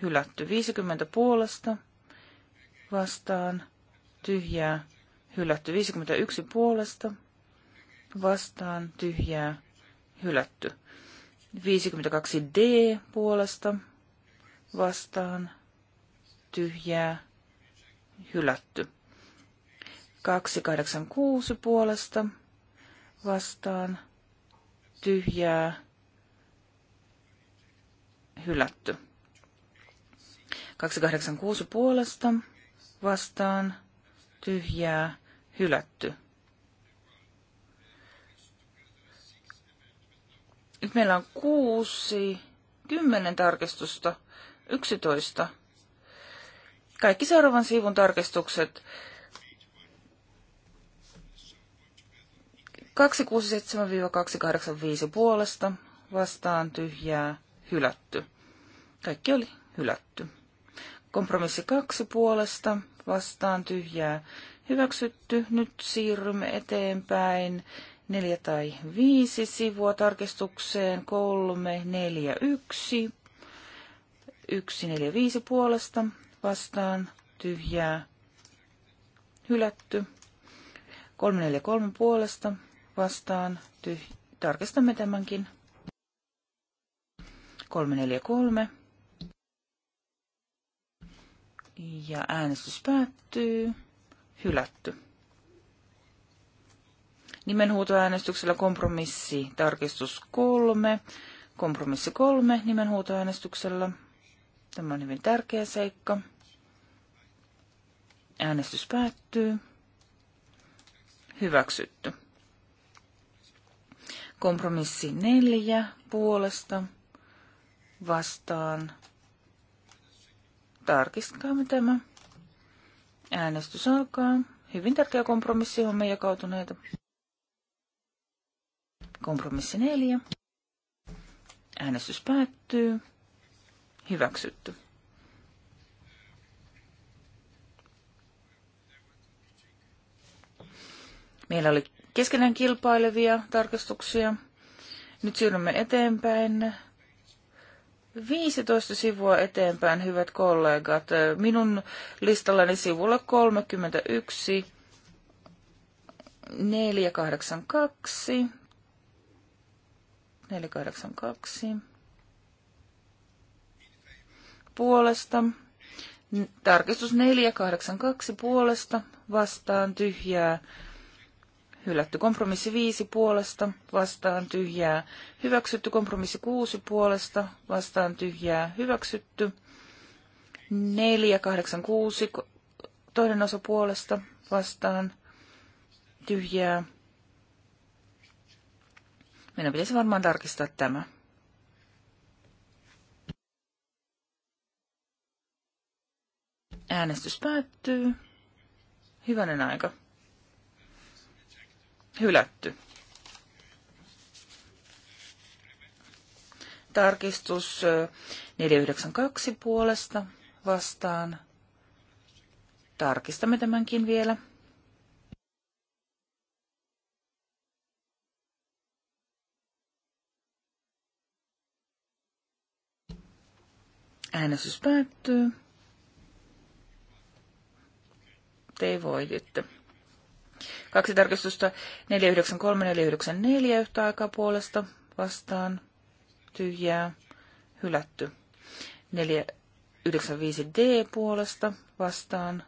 hylätty. 50 puolesta vastaan tyhjää hylätty. 51 puolesta vastaan tyhjää hylätty. 52D puolesta vastaan tyhjää hylätty. 286 puolesta vastaan tyhjää hylätty. 286 puolesta vastaan tyhjää hylätty. Nyt meillä on kuusi, kymmenen tarkistusta, yksitoista. Kaikki seuraavan sivun tarkistukset. 267-285 puolesta vastaan tyhjää hylätty. Kaikki oli hylätty. Kompromissi kaksi puolesta vastaan tyhjää hyväksytty. Nyt siirrymme eteenpäin neljä tai viisi sivua tarkistukseen kolme, neljä, yksi. Yksi, neljä, viisi puolesta vastaan tyhjää hylätty. Kolme, neljä, kolme puolesta vastaan tyhjää. Tarkistamme tämänkin. 343. Ja äänestys päättyy. Hylätty. Nimenhuutoäänestyksellä kompromissi tarkistus kolme. Kompromissi kolme nimenhuutoäänestyksellä. Tämä on hyvin tärkeä seikka. Äänestys päättyy. Hyväksytty. Kompromissi neljä puolesta vastaan Tarkistakaamme tämä. Äänestys alkaa. Hyvin tärkeä kompromissi on meidän kautuneita. Kompromissi neljä. Äänestys päättyy. Hyväksytty. Meillä oli keskenään kilpailevia tarkastuksia. Nyt siirrymme eteenpäin 15 sivua eteenpäin, hyvät kollegat. Minun listallani sivulla 31, 482, 482, puolesta, tarkistus 482 puolesta, vastaan tyhjää, hylätty. Kompromissi viisi puolesta vastaan tyhjää hyväksytty. Kompromissi kuusi puolesta vastaan tyhjää hyväksytty. kuusi toinen osa puolesta vastaan tyhjää. Meidän pitäisi varmaan tarkistaa tämä. Äänestys päättyy. Hyvänen aika hylätty. Tarkistus 492 puolesta vastaan. Tarkistamme tämänkin vielä. Äänestys päättyy. Te voititte. Kaksi tarkistusta 493 494 yhtä aikaa puolesta vastaan tyhjää hylätty. 495D puolesta vastaan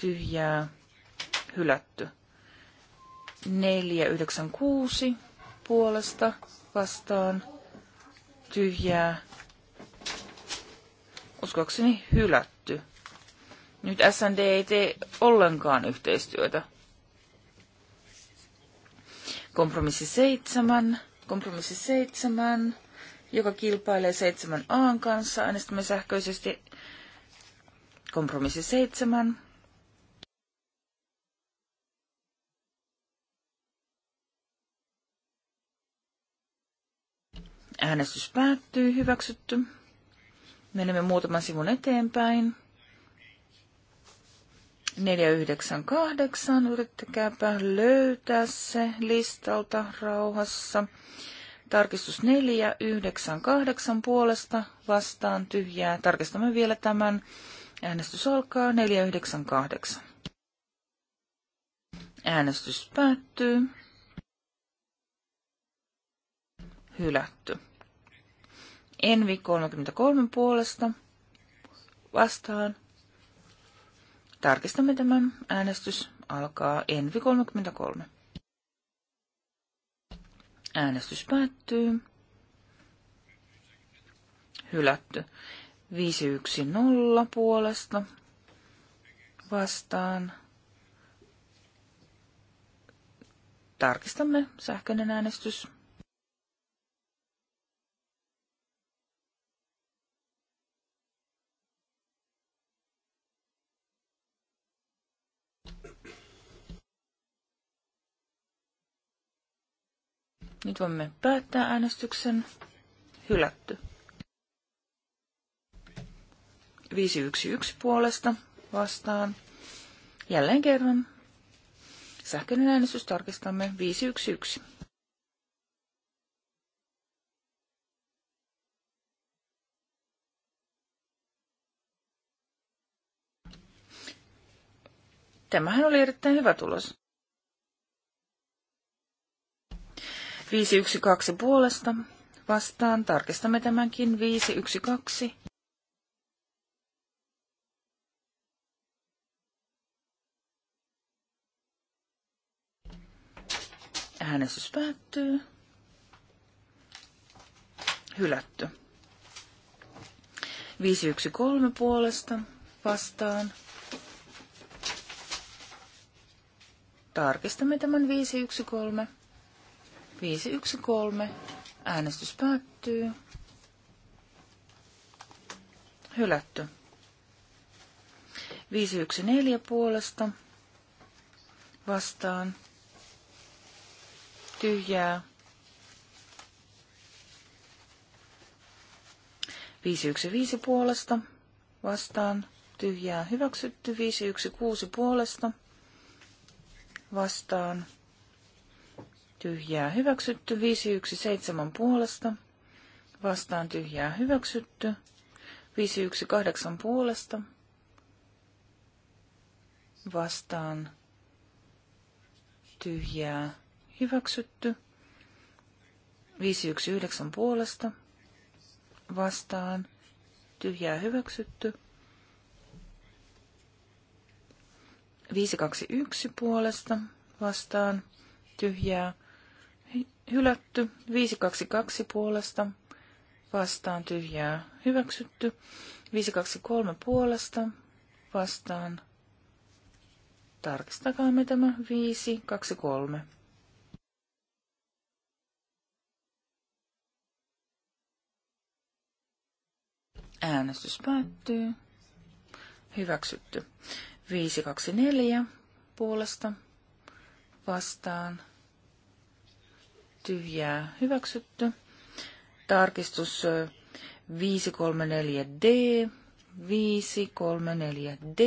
tyhjää hylätty. 496 puolesta vastaan tyhjää uskoakseni hylätty. Nyt SND ei tee ollenkaan yhteistyötä. Kompromissi seitsemän, kompromissi seitsemän, joka kilpailee seitsemän Aan kanssa. Äänestämme sähköisesti kompromissi seitsemän. Äänestys päättyy, hyväksytty. Menemme muutaman sivun eteenpäin. 498. Yrittäkääpä löytää se listalta rauhassa. Tarkistus 498 puolesta vastaan tyhjää. Tarkistamme vielä tämän. Äänestys alkaa 498. Äänestys päättyy. Hylätty. Envi 33 puolesta vastaan Tarkistamme tämän. Äänestys alkaa Envi 33. Äänestys päättyy. Hylätty. 510 puolesta vastaan. Tarkistamme sähköinen äänestys. Nyt voimme päättää äänestyksen. Hylätty. 511 puolesta vastaan. Jälleen kerran. Sähköinen äänestys tarkistamme 511. Tämähän oli erittäin hyvä tulos. 512 puolesta vastaan. Tarkistamme tämänkin 512. Äänestys päättyy. Hylätty. 513 puolesta vastaan. Tarkistamme tämän 513. 513. Äänestys päättyy. Hylätty. 514 puolesta. Vastaan. Tyhjää. 515 puolesta. Vastaan. Tyhjää. Hyväksytty. 516 puolesta. Vastaan tyhjää hyväksytty. 517 puolesta vastaan tyhjää hyväksytty. 518 puolesta vastaan tyhjää hyväksytty. 519 puolesta vastaan tyhjää hyväksytty. 521 puolesta vastaan tyhjää hylätty, 522 puolesta, vastaan tyhjää hyväksytty, 523 puolesta, vastaan, tarkistakaamme tämä, 523. Äänestys päättyy. Hyväksytty. 524 puolesta vastaan tyhjää hyväksytty. Tarkistus 534D, 534D.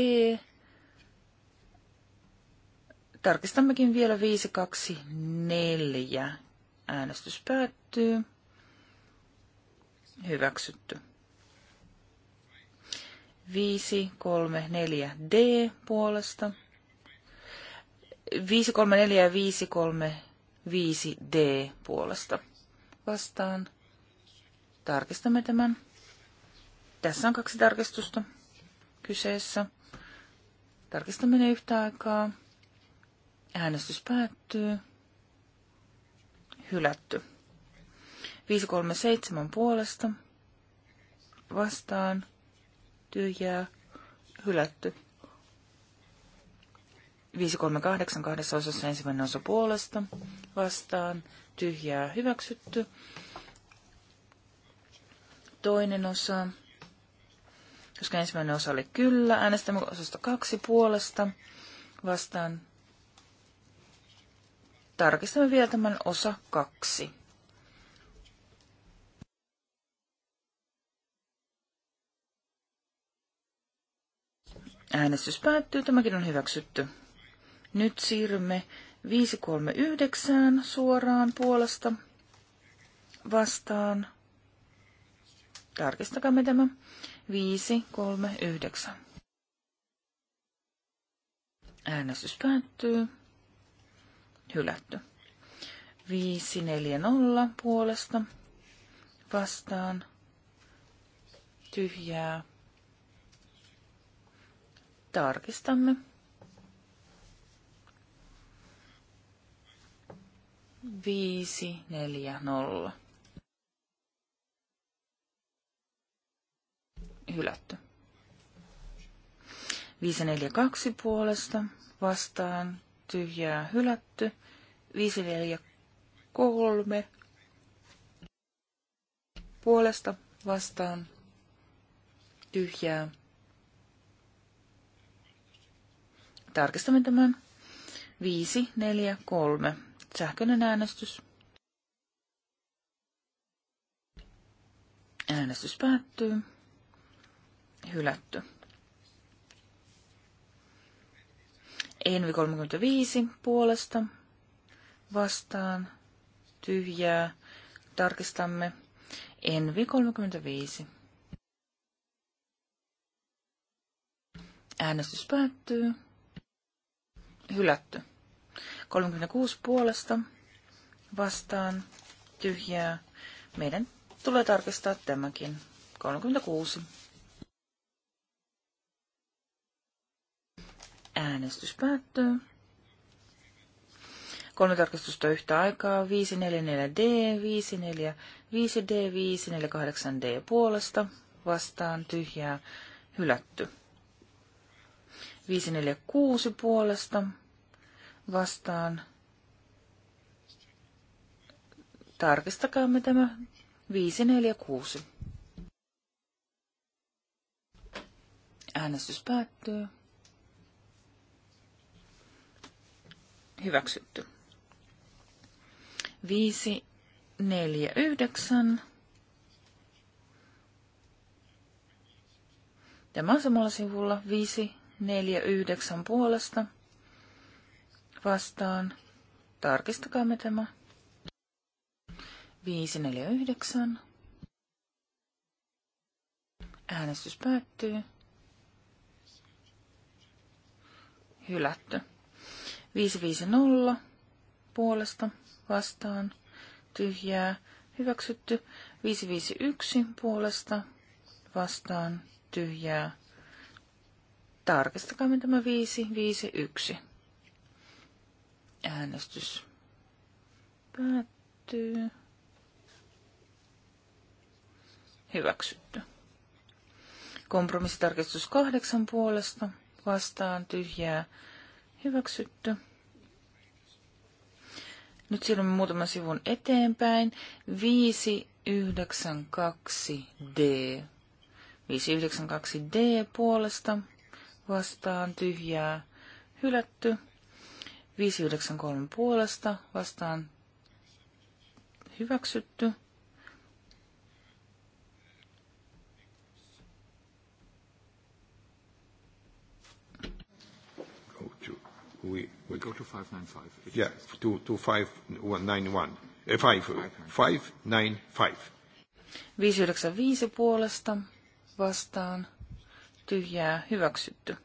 Tarkistammekin vielä 524. Äänestys päättyy. Hyväksytty. 534D puolesta. 534 ja 535 5D puolesta vastaan. Tarkistamme tämän. Tässä on kaksi tarkistusta kyseessä. Tarkistamme ne yhtä aikaa. Äänestys päättyy. Hylätty. 537 puolesta. Vastaan. Tyhjää. Hylätty. 538 kahdessa osassa ensimmäinen osa puolesta vastaan tyhjää hyväksytty. Toinen osa, koska ensimmäinen osa oli kyllä, äänestämme osasta kaksi puolesta vastaan. Tarkistamme vielä tämän osa kaksi. Äänestys päättyy, tämäkin on hyväksytty. Nyt siirrymme 539 suoraan puolesta vastaan. Tarkistakamme tämä. 539. Äänestys päättyy. Hylätty. 540 puolesta vastaan. Tyhjää. Tarkistamme. Viisi, neljä, nolla. Hylätty. Viisi, neljä, kaksi puolesta. Vastaan tyhjää hylätty. Viisi, neljä, kolme. Puolesta vastaan tyhjää. Tarkistamme tämän. Viisi, neljä, kolme. Sähköinen äänestys. Äänestys päättyy. Hylätty. Envi 35 puolesta vastaan tyhjää. Tarkistamme Envi 35. Äänestys päättyy. Hylätty. 36 puolesta vastaan tyhjää. Meidän tulee tarkistaa tämäkin. 36. Äänestys päättyy. Kolme tarkistusta yhtä aikaa. 544D, 545D, 548D puolesta vastaan tyhjää hylätty. 546 puolesta vastaan. Tarkistakaamme tämä 546. Äänestys päättyy. Hyväksytty. 5, 4, 9. Tämä on samalla sivulla 5, 4, 9 puolesta vastaan. Tarkistakaamme tämä. 549. Äänestys päättyy. Hylätty. 550 puolesta vastaan. Tyhjää. Hyväksytty. 551 puolesta vastaan. Tyhjää. Tarkistakaa tämä 551. Äänestys päättyy. Hyväksytty. Kompromissitarkistus kahdeksan puolesta vastaan tyhjää hyväksytty. Nyt siirrymme muutaman sivun eteenpäin. 592D. 592D puolesta vastaan tyhjää hylätty. 593 puolesta vastaan hyväksytty.
Go to, we, we go to 595. Yeah, to, to 595. 595
uh, puolesta vastaan tyhjää hyväksytty.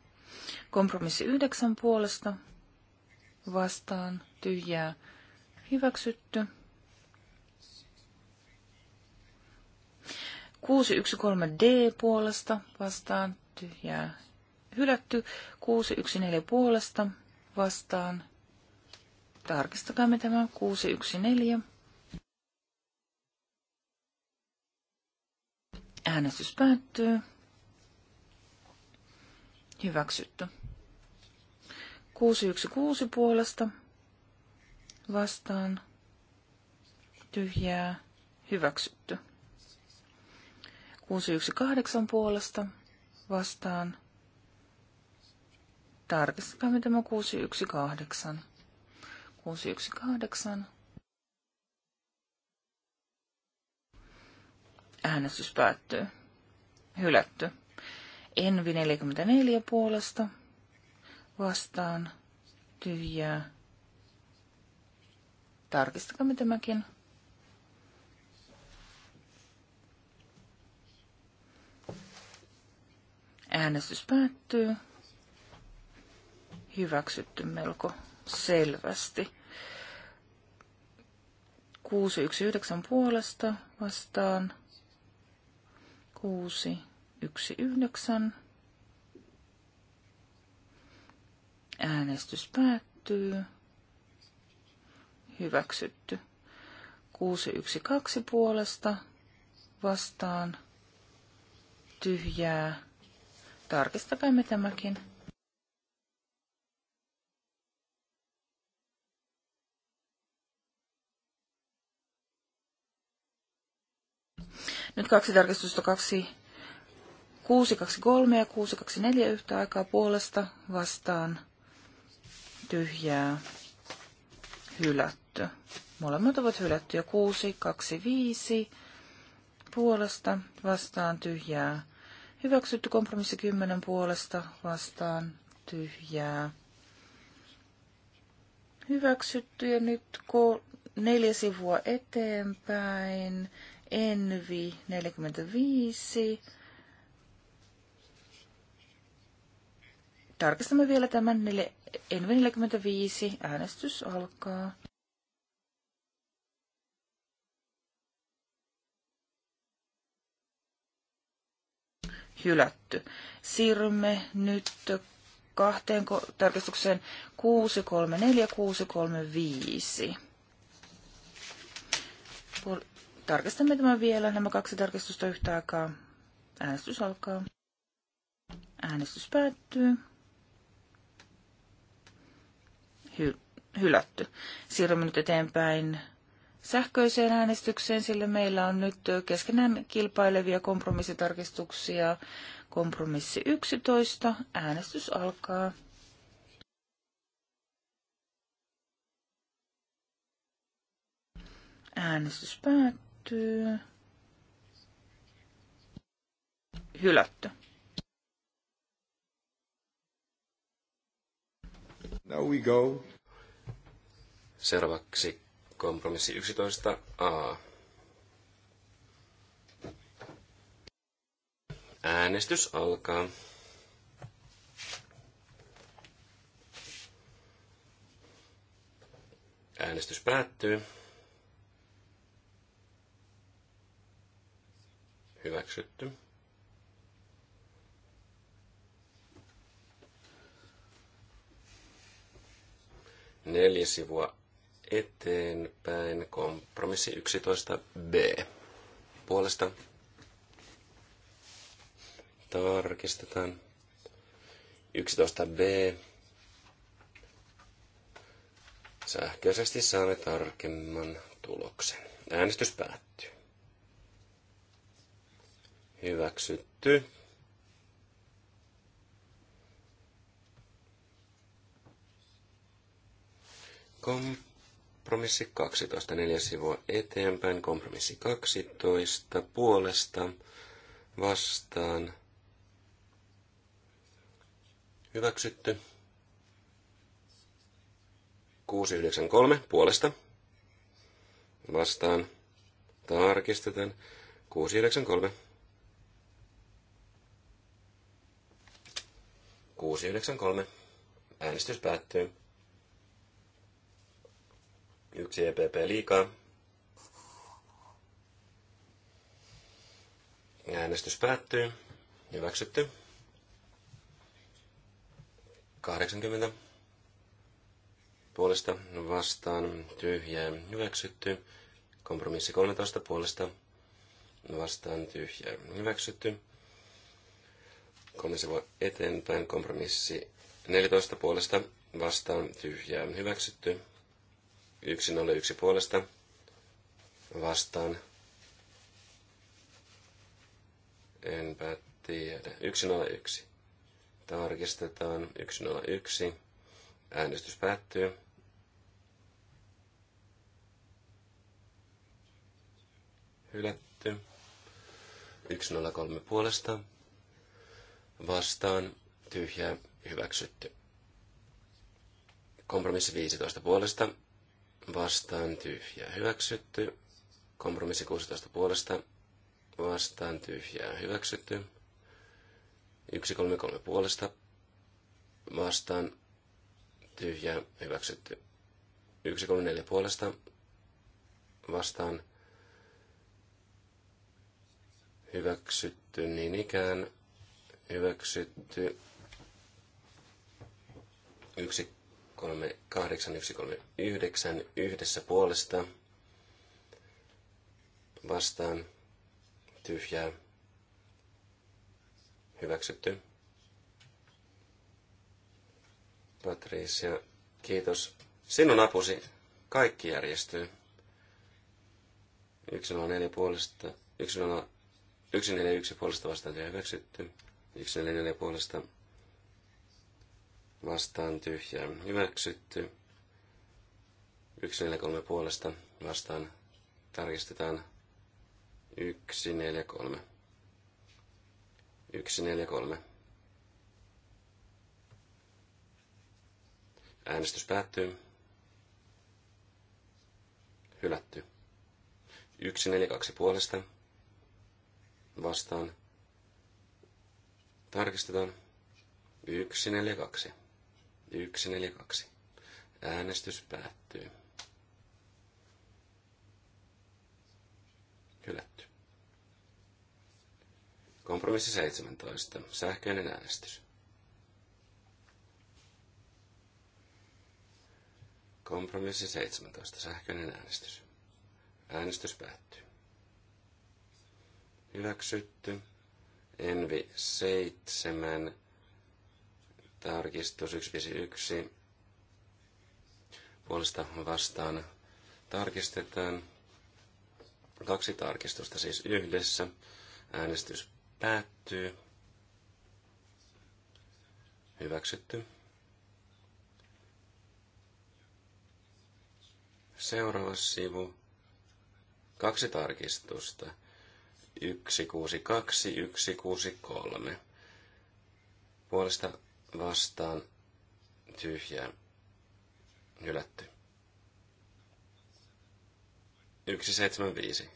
Kompromissi yhdeksän puolesta vastaan tyhjää hyväksytty. 613D puolesta vastaan tyhjää hylätty. 614 puolesta vastaan. Tarkistakaamme tämä 614. Äänestys päättyy. Hyväksytty. 616 puolesta vastaan tyhjää hyväksytty. 618 puolesta vastaan tarkistakaa mitä tämä 618. 618. Äänestys päättyy. Hylätty. Envi 44 puolesta vastaan tyhjää. Tarkistakaamme tämäkin. Äänestys päättyy. Hyväksytty melko selvästi. 619 puolesta vastaan 619 Äänestys päättyy. Hyväksytty. 612 puolesta vastaan tyhjää. Tarkistakaamme tämäkin. Nyt kaksi tarkistusta, kaksi, kuusi, kaksi, kolme ja kuusi, kaksi, neljä yhtä aikaa puolesta vastaan tyhjää hylätty. Molemmat ovat hylättyjä 6, 2, 5 puolesta vastaan tyhjää. Hyväksytty kompromissi 10 puolesta vastaan tyhjää. Hyväksytty ja nyt neljä sivua eteenpäin. Envi 45 Tarkistamme vielä tämän Envi 45. Äänestys alkaa. Hylätty. Siirrymme nyt kahteen tarkistukseen 634 635. Tarkistamme tämän vielä, nämä kaksi tarkistusta yhtä aikaa. Äänestys alkaa. Äänestys päättyy hy- hylätty. Siirrymme nyt eteenpäin sähköiseen äänestykseen, sillä meillä on nyt keskenään kilpailevia kompromissitarkistuksia. Kompromissi 11. Äänestys alkaa. Äänestys päättyy. Hylätty.
Now we go. Seuraavaksi kompromissi 11a. Äänestys alkaa. Äänestys päättyy. Hyväksytty. neljä sivua eteenpäin, kompromissi 11b. Puolesta tarkistetaan 11b. Sähköisesti saamme tarkemman tuloksen. Äänestys päättyy. Hyväksytty. Kompromissi 12, neljä sivua eteenpäin. Kompromissi 12, puolesta, vastaan. Hyväksytty. 693, puolesta, vastaan. Tarkistetaan. 693. 693. Äänestys päättyy. Yksi EPP liikaa. Äänestys päättyy. Hyväksytty. 80 puolesta vastaan tyhjää hyväksytty. Kompromissi 13 puolesta vastaan tyhjää hyväksytty. Kompromissi voi eteenpäin. Kompromissi 14 puolesta vastaan tyhjää hyväksytty. 101 puolesta vastaan. Enpä tiedä. 101. Tarkistetaan. 101. Äänestys päättyy. Hylätty. 103 puolesta. Vastaan. Tyhjä. Hyväksytty. Kompromissi 15 puolesta vastaan tyhjää hyväksytty. Kompromissi 16 puolesta vastaan tyhjää hyväksytty. 133 puolesta vastaan tyhjää hyväksytty. 134 puolesta vastaan hyväksytty niin ikään hyväksytty 1 138, yhdessä puolesta vastaan tyhjää hyväksytty. Patricia, kiitos. Sinun apusi kaikki järjestyy. 104 puolesta, 101 puolesta vastaan tyhjää hyväksytty. 144 puolesta vastaan tyhjää hyväksytty. 143 puolesta vastaan tarkistetaan 143. 143. Äänestys päättyy. Hylätty. 142 puolesta vastaan. Tarkistetaan. 142. 142. Äänestys päättyy. Hylätty. Kompromissi 17. Sähköinen äänestys. Kompromissi 17. Sähköinen äänestys. Äänestys päättyy. Hyväksytty. Envi 7. Tarkistus 151 puolesta vastaan tarkistetaan. Kaksi tarkistusta siis yhdessä. Äänestys päättyy. Hyväksytty. Seuraava sivu. Kaksi tarkistusta. 162, 163. Puolesta vastaan tyhjää hylätty. 175.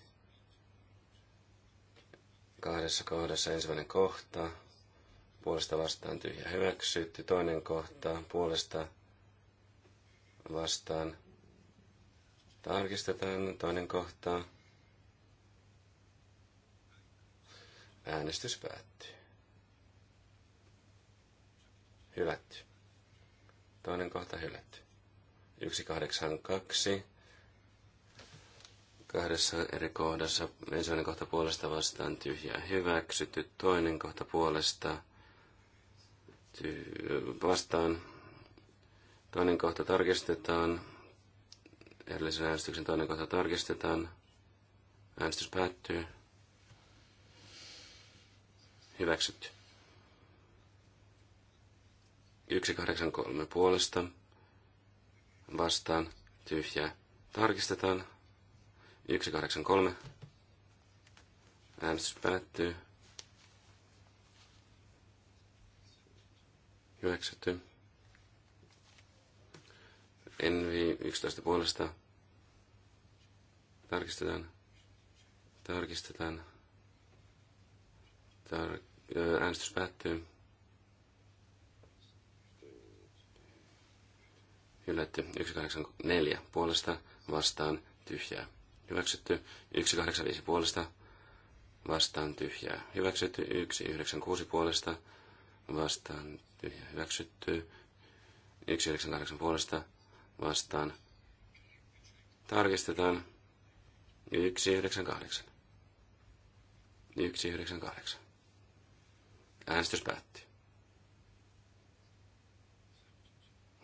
Kahdessa kohdassa ensimmäinen kohta, puolesta vastaan tyhjä hyväksytty, toinen kohta, puolesta vastaan tarkistetaan, toinen kohta, äänestys päättyy hylätty. Toinen kohta hylätty. 182. Kahdessa eri kohdassa. Ensimmäinen kohta puolesta vastaan tyhjää hyväksytty. Toinen kohta puolesta ty- vastaan. Toinen kohta tarkistetaan. Erillisen äänestyksen toinen kohta tarkistetaan. Äänestys päättyy. Hyväksytty. 183 puolesta vastaan tyhjää. Tarkistetaan. 183. Äänestys päättyy. Hyväksytty. Envi 11 puolesta. Tarkistetaan. Tarkistetaan. Tar- äänestys päättyy. Hylätty 184 puolesta vastaan tyhjää. Hyväksytty 185 puolesta vastaan tyhjää. Hyväksytty 196 puolesta vastaan tyhjää. Hyväksytty 198 puolesta vastaan. Tarkistetaan 198. 198. Äänestys päättyy.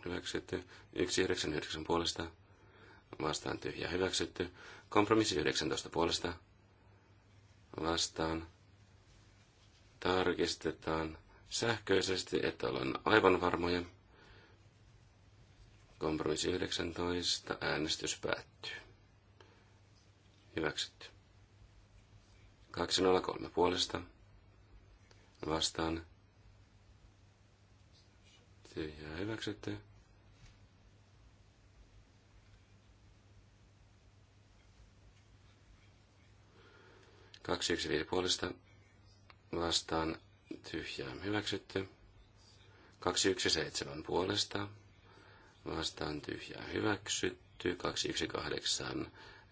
hyväksytty. 199 puolesta vastaan tyhjä hyväksytty. Kompromissi 19 puolesta vastaan tarkistetaan sähköisesti, että ollaan aivan varmoja. Kompromissi 19, äänestys päättyy. Hyväksytty. 203 puolesta vastaan tyhjää hyväksytty. 215 puolesta vastaan tyhjää hyväksytty. 217 puolesta vastaan tyhjää hyväksytty. 218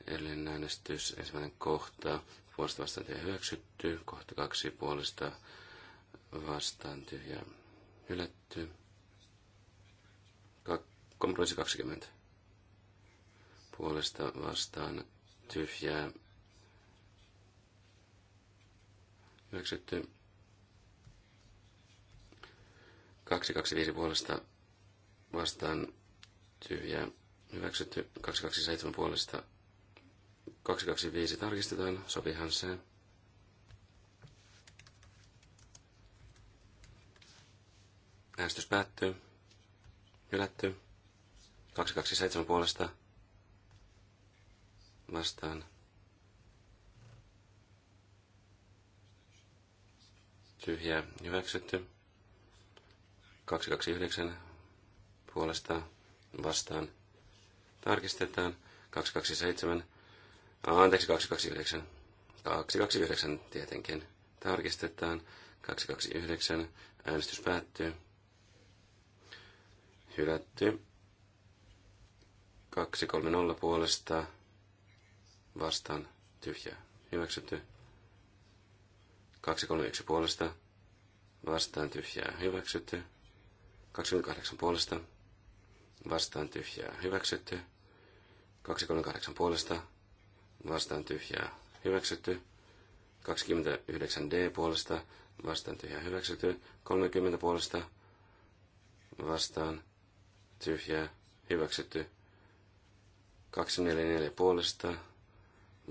edellinen äänestys ensimmäinen kohta puolesta vastaan tyhjää hyväksytty. Kohta kaksi puolesta vastaan tyhjää hylätty. Kompromissi 20 puolesta vastaan tyhjää Hyväksytty. 225 puolesta vastaan tyhjä. Hyväksytty. 227 puolesta 225 tarkistetaan. Sopihan se. Äänestys päättyy. Hylätty. 227 puolesta vastaan tyhjää hyväksytty. 229 puolesta vastaan tarkistetaan. 227, anteeksi 229, 229 tietenkin tarkistetaan. 229, äänestys päättyy. Hylätty. 230 puolesta vastaan tyhjää. Hyväksytty. 231 puolesta. Vastaan tyhjää hyväksytty. 28 puolesta. Vastaan tyhjää hyväksytty. 238 puolesta. Vastaan tyhjää hyväksytty. 29D puolesta. Vastaan tyhjää hyväksytty. 30 puolesta. Vastaan tyhjää hyväksytty. 244 puolesta.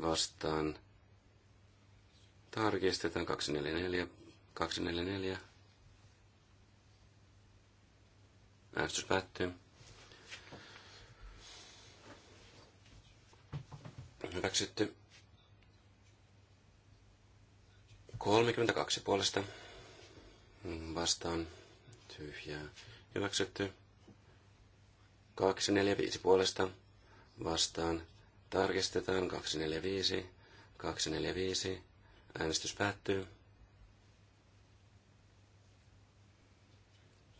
Vastaan Tarkistetaan 244. 244. Äänestys päättyy. Hyväksytty. 32 puolesta. Vastaan. Tyhjää. Hyväksytty. 245 puolesta. Vastaan. Tarkistetaan. 245. 245. Äänestys päättyy.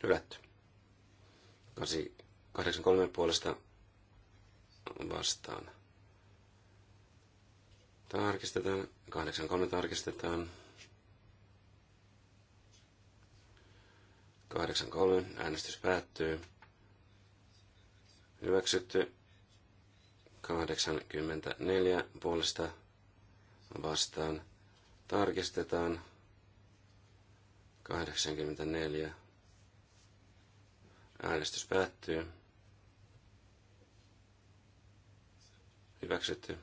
Hylätty. 83 puolesta vastaan. Tarkistetaan. 83 tarkistetaan. 83. Äänestys päättyy. Hyväksytty. 84 puolesta vastaan. Tarkistetaan. 84. Äänestys päättyy. Hyväksytty.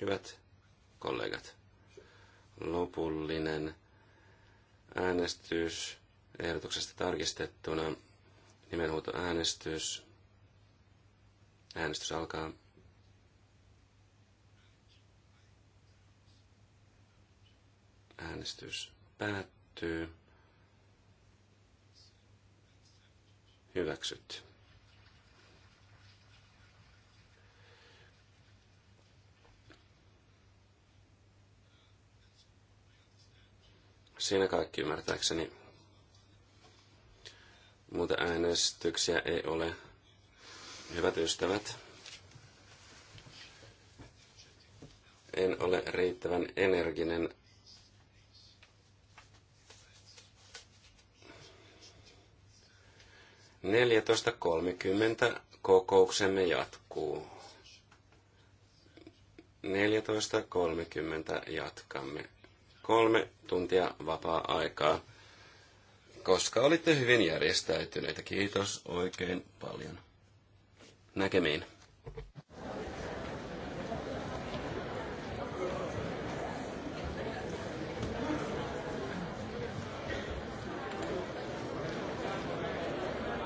Hyvät kollegat. Lopullinen äänestys ehdotuksesta tarkistettuna. Nimenhuuto äänestys. Äänestys alkaa. Äänestys päättyy. hyväksyt? Siinä kaikki ymmärtääkseni. Muuta äänestyksiä ei ole. Hyvät ystävät, en ole riittävän energinen 14.30 kokouksemme jatkuu. 14.30 jatkamme. Kolme tuntia vapaa-aikaa, koska olitte hyvin järjestäytyneitä. Kiitos oikein paljon. Näkemiin.